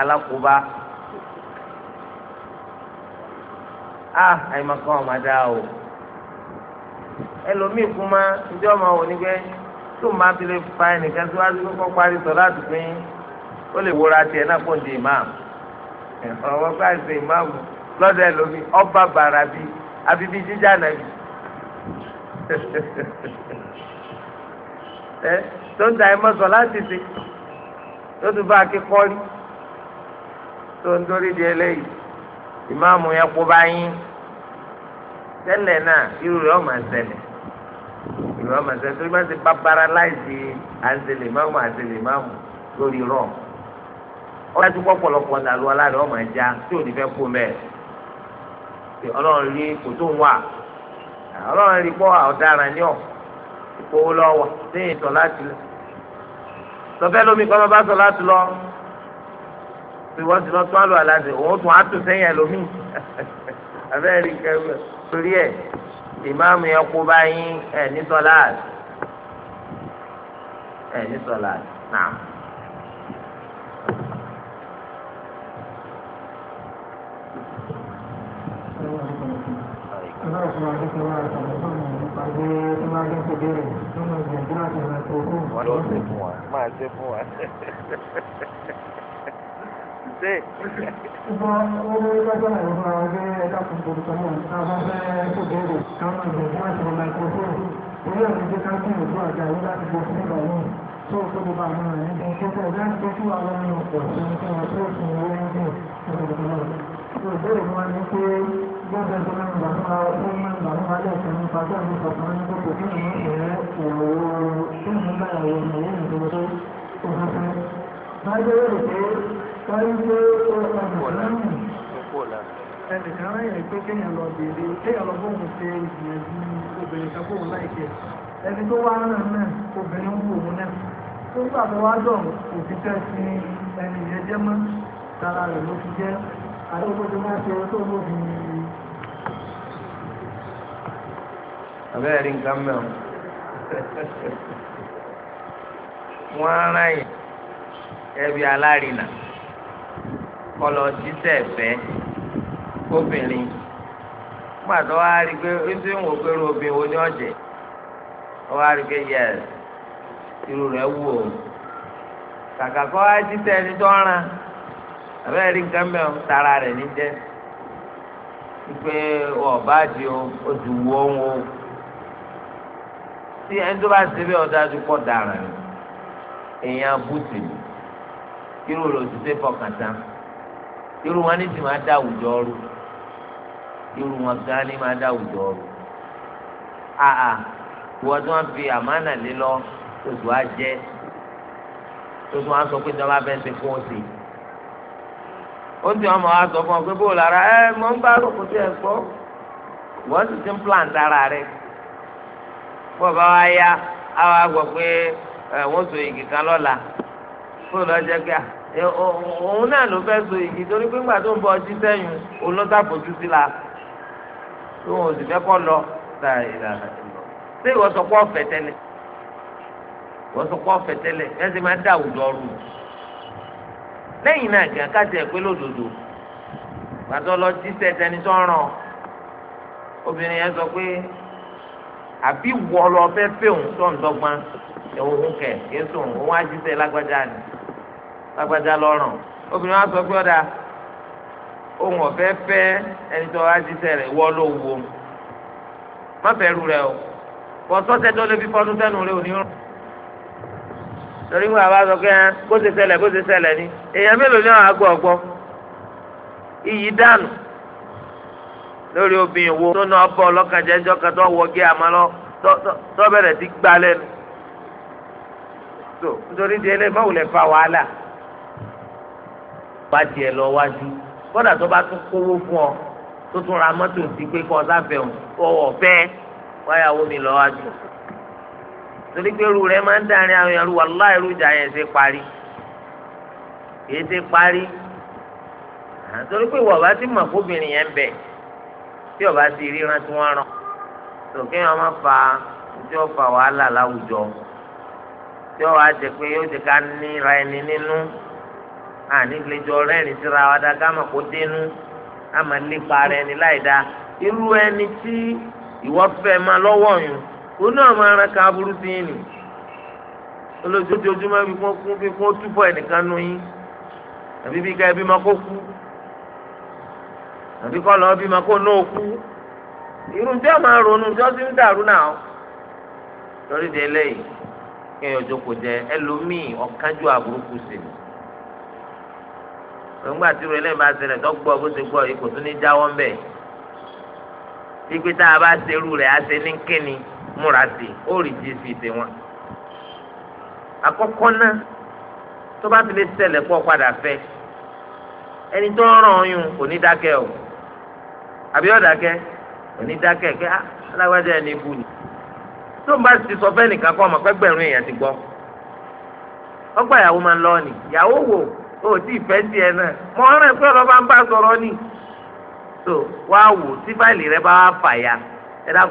o ẹlòmíì kú má ǹjẹ́ ọmọ wò ní pé tó má fi lè fa ẹnìkan síwájú kó parí sọ láti pín ó lè tiẹ̀ náà pọ̀ ní ìmáàmù ṣe ìmáàmù àbí bí jíjà nàbì ẹ tó ń ta ẹ mọ́sọ̀ láti ṣe tó tún bá akíkọ́ rí tó ń torí di eléyìí ìmáàmù yẹn kó bá yín tẹ́lẹ̀ náà irú rẹ̀ ọ̀mà ṣẹlẹ̀ irú ọ̀mà ṣẹlẹ̀ torí máa ń ṣe bàbára láìsí àṣẹlẹ̀ ìmáàmù àṣẹlẹ̀ ìmáàmù lórí rọ̀ ọ̀dájú pọ̀pọ̀lọpọ̀ nàlú aláàrẹ̀ ọ̀mà já tí ò ní fẹ́ kó mẹ́ẹ̀ pé ọlọ́run rí kò tó ń wà ọlọ́run rí pọ́ ọ̀daràn ní ọ̀ ìpowó lọ́wọ́ lẹ́yìn sọ láti lọ sọfẹ́ lómi kọ́ bá sọ láti lọ pé wọ́n ti lọ tún àlọ́ àlàsì òun tún á tún sẹ́yìn ẹlòmí abẹ́rẹ́ kẹwẹ́ torí ẹ̀ ìmáàmù yẹn kó bá ẹ̀ ní ẹ̀ ní náà. náà fún wa nípa wa àtàwọn fún mi nípa pé tó máa dé kò béèrè tó máa gbìyànjú láti ràn tó fún mi. wọn ló ṣe fún wa máa ṣe fún wa. ṣe. ìfọ owó lọ́jọ́ náà fún wa pé ẹ̀ka fún gbogbo náà tá a bá fẹ́ kò béèrè ká máa gbìyànjú láti ràn microphone orí ọ̀rọ̀ ìdí káńtì ìlú àjà yìí láti gbọ́ fún ìgbà yìí tó o tóbi bá àwọn ọ̀rẹ́ ní kókó ọ̀gá ń tọ́jú àwọn ọmọ ọ̀sẹ̀ nípa tó o sì ń wọ́n ní ìgbà yìí. ìbéèrè wọn ni pé lọ́dọ̀ ẹni tó wá náà náà obìnrin wò wọn náà tó ń gbàgbọ́ wá dọ̀ òfìfẹ́ sí ẹnì yẹn mọ́ tara rẹ̀ ló fi jẹ́ àdókòtò máa ṣe tó lóbi abẹ́rẹ́ rí nǹkan mẹ́wọ̀n wọ́n rán yìí ẹbí alárinà kọlọ jíṣẹ́ ẹ̀fẹ́ obìnrin gbàtọ́ wá rí i pé oṣù ìwò pẹ̀lú obìnrin wo ni ọ̀jẹ̀ wa rí i pé yẹs irú rẹ̀ wù o. kàkà kọ́ wa jíṣẹ́ ẹni rí nǹkan tara rẹ̀ pé di o tí ẹni tó bá ṣe bí ọ̀dájú pọ̀ dára ni èèyàn bùtì ni irú rẹ̀ òṣìṣẹ́ fọkàn tán irú wọn ní sì máa dá àwùjọ ọrú irú wọn gan ni máa dá àwùjọ ọrú àà ìwọ tí wọn fi àmánà lé lọ oṣù wa jẹ oṣù wa sọ pé ìjọba bẹ́ẹ̀ ṣe fún òsè ó ti ọmọ wa sọ fún ọ pé bó o lára ẹ mọ ń bá rògbòdì ẹ gbọ́ wọ́n sì ti ń plan dára rẹ̀ bó bá wá yá á wá gbọ́ pé wọ́n so igi kan lọ́la kó lọ jẹ́ pé òun náà ló fẹ́ so igi torí pé ńgbà tó ń bọ ọtí sẹ́yìn òun ló sàfojú sí la tó wọn ò sì fẹ́ kọ́ lọ ṣé ìwọ sọ pé ọ̀fẹ́ tẹ́lẹ̀ ìwọ sọ pé ọ̀fẹ́ tẹ́lẹ̀ ẹ ṣe máa dá àwùjọ rú lẹ́yìn náà gàn káṣí pé lódodo gbàtọ́ lọ jíṣẹ́ tẹni tó obìnrin yẹn sọ pé àbí wọ́ lọ fẹ́ fẹ́ òun sọ̀ǹdọ́gbọ́n ẹ̀wọ̀n kẹ̀ yéésù òun á jíṣẹ́ lágbájá ni lágbájá lọ́rùn obìnrin wa sọ pé ọ̀dà òun ọ̀fẹ́ fẹ́ ẹni tó wá jíṣẹ́ rẹ̀ wọ́ ló wo má fẹ́ ru rẹ o bọ́ sọ́sẹ́ tó lé fi fọ́dún sẹ́nu rẹ òní rún torí wọn àwa sọ pé ẹ kó ṣe ṣẹlẹ̀ kó ṣe ṣẹlẹ̀ ni èèyàn mélòó ni àwọn àgọ́ ọ̀gbọ́ iyì dànù lórí obìnrin wo tó náà bọ̀ lọ́kànjẹ́ ńjọ́ kan tó wọ gé àmọ́ lọ tó bẹ̀rẹ̀ sí gbá lẹ́nu. tó nítorí di ẹlẹ́yìn báwo lẹ fa wàhálà bá tiẹ̀ lọ wájú kódà tó bá tún kówó fún ọ tó tún ra mọ́tò sí pé kọ́ sáfẹ́ òun kọ́ ọ̀fẹ́ wáyàwó mi lọ wájú. torí pé irú rẹ máa ń dàrin àwọn ẹrú wàhálà irú ìjà yẹn ṣe parí kì ṣe parí àtòrí pé wàhálà ti mọ̀ fóbìnrin yẹn bẹ́ẹ̀ tí ọba ti ríran tí wọ́n rán tó kéèyàn má fa tí ó fa wàhálà láwùjọ tí ó wàá jẹ pé yóò jẹ ká níra ẹni nínú àní ìlẹjọ rẹ́rìn síra wa dá ká mọ̀ kó dénú ká mọ̀ nípa ara ẹni láì dá irú ẹni tí ìwọ fẹ́ máa lọ́wọ́ yùn ó náà máa ran ká burú sí yín olójoojúmọ́ bí kún bí kún túbọ̀ ẹnìkan nù yín àbí bí ká ẹbí máa kó kú àbí kọ́ lọ́ọ́ bímọ kó náà kú irun tí wọ́n máa ronú tí wọ́n ti ń dàrú náà lórí de eléyìí kí ẹ̀yọ́ jókòó jẹ ẹlòmíì ọ̀kánjú àbúrúkú sí ni nígbà tí irun eléyìí bá ṣẹlẹ̀ tó gbọ́ bó ṣe gbọ́ yìí kò tún ní jáwọ́ ń bẹ̀ pípé tá a bá ṣerú rẹ̀ á ṣe ní kíni múra sí ó rí jí sí i tiwọn àkọ́kọ́ náà tó bá fi lè ṣẹlẹ̀ pọ̀ padà fẹ́ ẹni tó ń ràn ọyún kò ní dákẹ́ o. àbí ọ̀dàkẹ́ onídàkẹ́ pé ah, alágbájá ẹni bù ni tó ń bá ti sọ fẹ́ nìkan kọ́ ti gbọ́ ọgbà ìyàwó máa ń lọ ni ìyàwó wò ó tí ì fẹ́ sí ẹ náà mọ ọ̀rẹ́ pé ọ̀rọ̀ bá ń bá sọ̀rọ̀ ni tó wá wò tí fáìlì rẹ bá fàyà ẹ fa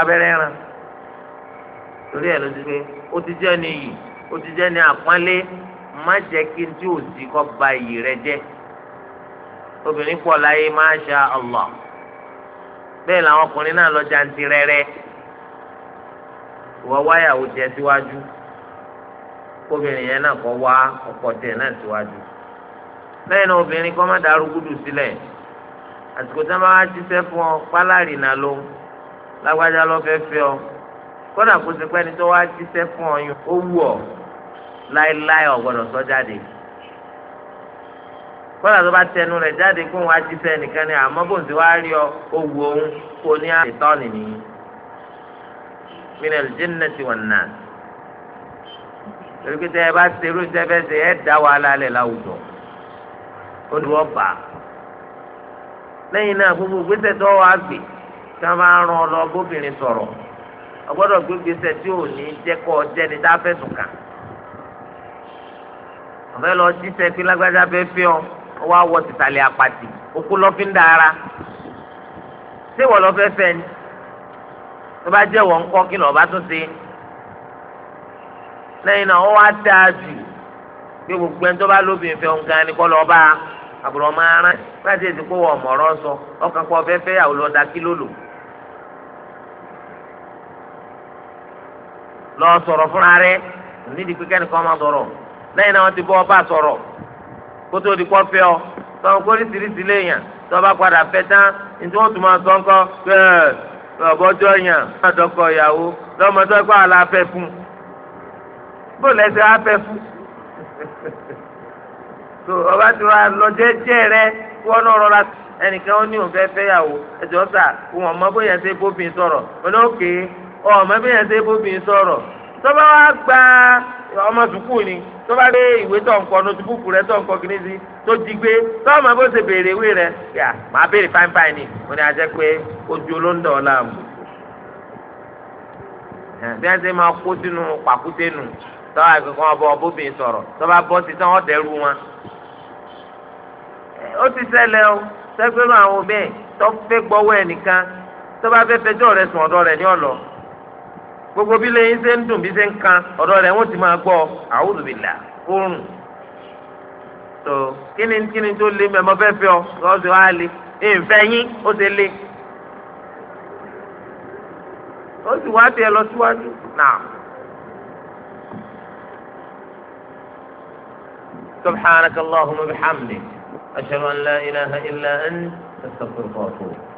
abẹ́rẹ́ ràn torí ẹ̀ ló ti pé ti jẹ́ ni yìí ti jẹ́ ni àpọ́nlé má jẹ́ kí n tí ò sí kọ́ ba obìnrin pọ̀ láyé masha Allah bẹ́ẹ̀ làwọn ọkùnrin náà lọ jantì rẹ́rẹ́ ìwọ wáyàwó jẹ síwájú obìnrin yẹn náà kọ́ wá ọkọ tẹ̀ náà síwájú lẹ́yìn náà obìnrin kọ́ má dàrú gúdù sílẹ̀ àsìkò tí wọ́n bá wá ṣiṣẹ́ fún ọ pálárì náà ló lágbájá lọ́ fẹ́ fẹ́ ọ kódà kó ti pẹ́ ni tó wá ṣiṣẹ́ fún ọ yún ó wù ọ láéláé ọ̀gbọ́dọ̀ sọ jáde kọ́lá tó bá tẹnu rẹ̀ jáde kó wọn á jí sẹ́ nìkan ni àmọ́ bó ń ti wá rí ọ owó òun kò ní àìtọ́ni ní minal jinnati wan nas torí pé tẹ́ ẹ bá serú tẹ́ fẹ́ ṣe ẹ dá wàhálà lẹ̀ láwùjọ ó ní wọ́n bà á lẹ́yìn náà gbogbo gbèsè tó wà gbé tí wọ́n bá ń ran ọ lọ bóbìnrin sọ̀rọ̀ ọ gbọ́dọ̀ gbé gbèsè tí ò ní jẹ́ kọ́ jẹ́ni tá a ọ̀fẹ́ lọ jíṣẹ́ pé lágbájá fẹ́ fẹ́ ọ ọwọ́ awọ tìtàlẹ̀ àpàtì òkú oku ara ṣé wọ́n lọ fẹ́ fẹ́ ni tó bá jẹ́ wọ́n ń kọ́ kí lọ́ọ́ bá tún ṣe lẹ́yìn náà ó wá dáa jù pé gbogbo ẹni tó bá lóbìnrin fẹ́ gan ni kọ́ lọ́ọ́ bá àbúrò ọmọ ara láti ọmọ ọ̀rọ̀ sọ ọkàn kọ́ fẹ́ fẹ́ ọba sọ̀rọ̀ kótó di kọ́ fẹ́ ọ tọ́wọ́n kó ní tìrìtì léèyàn tọ́ba padà fẹ́ tán nítorí wọ́n tún máa sọ ńkọ́ pé ọ̀bọ́jọ́ yàn ọ̀dọ́kọ̀ ìyàwó lọ́mọdé kọ́ àlà afẹ́ fún bó lẹ́sẹ̀ afẹ́ fún tó [LAUGHS] ọba tí wàá lọ jẹ́jẹ́ rẹ kí wọ́n náà rọra ẹnìkan ó ní òun fẹ́ fẹ́yàwó ẹjọ́ sà òun ọmọ bóyá ṣe bóbin sọ̀rọ̀ ọ̀nà òkè ọmọ bóyá ṣe bóbin sọ̀rọ̀ tọ́ba wa gba ọmọ sùkúù ni tó bá dé ìwé tó ń kọ notebook rẹ tó ń kọ kìíní sí tó jí gbé tó ọmọ bó ṣe béèrè ìwé rẹ yà máa béèrè fáínfáìn ni mo ní ajẹ́ pé ojú olóńdọ̀ ọ̀la mù bí wọ́n ṣe máa kó sínú pàkúté nù tọ́wọ́ àgbẹ̀kan ọba ọbóbìnrin sọ̀rọ̀ tọ́ba bọ́ sí tọ́wọ́ dẹ́rù wọn. ó ti ṣẹlẹ̀ o sẹ́gbẹ́rún àwọn bẹ́ẹ̀ tọ́ fẹ́ gbọ́wọ́ ẹnìkan tọ́ba fẹ́ fẹjọ́ rẹ̀ sùn ọ̀dọ̀ rẹ̀ ní ọ̀lọ́ gbogbo bí lẹ́yìn ṣe ń dùn bí ṣe ń kan ọ̀dọ̀ rẹ̀ wọ́n ti máa gbọ́ a'udhu billah kúrùn tó kíni kíni tó lé mẹ́mọ́ fẹ́ fẹ́ ọ lọ́wọ́ sí wàá lé ìfẹ́ yín ó ti lé ó sì wá tiẹ̀ lọ síwájú náà. سبحانك اللهم وبحمدك أشهد أن لا إله إلا أنت أستغفرك وأتوب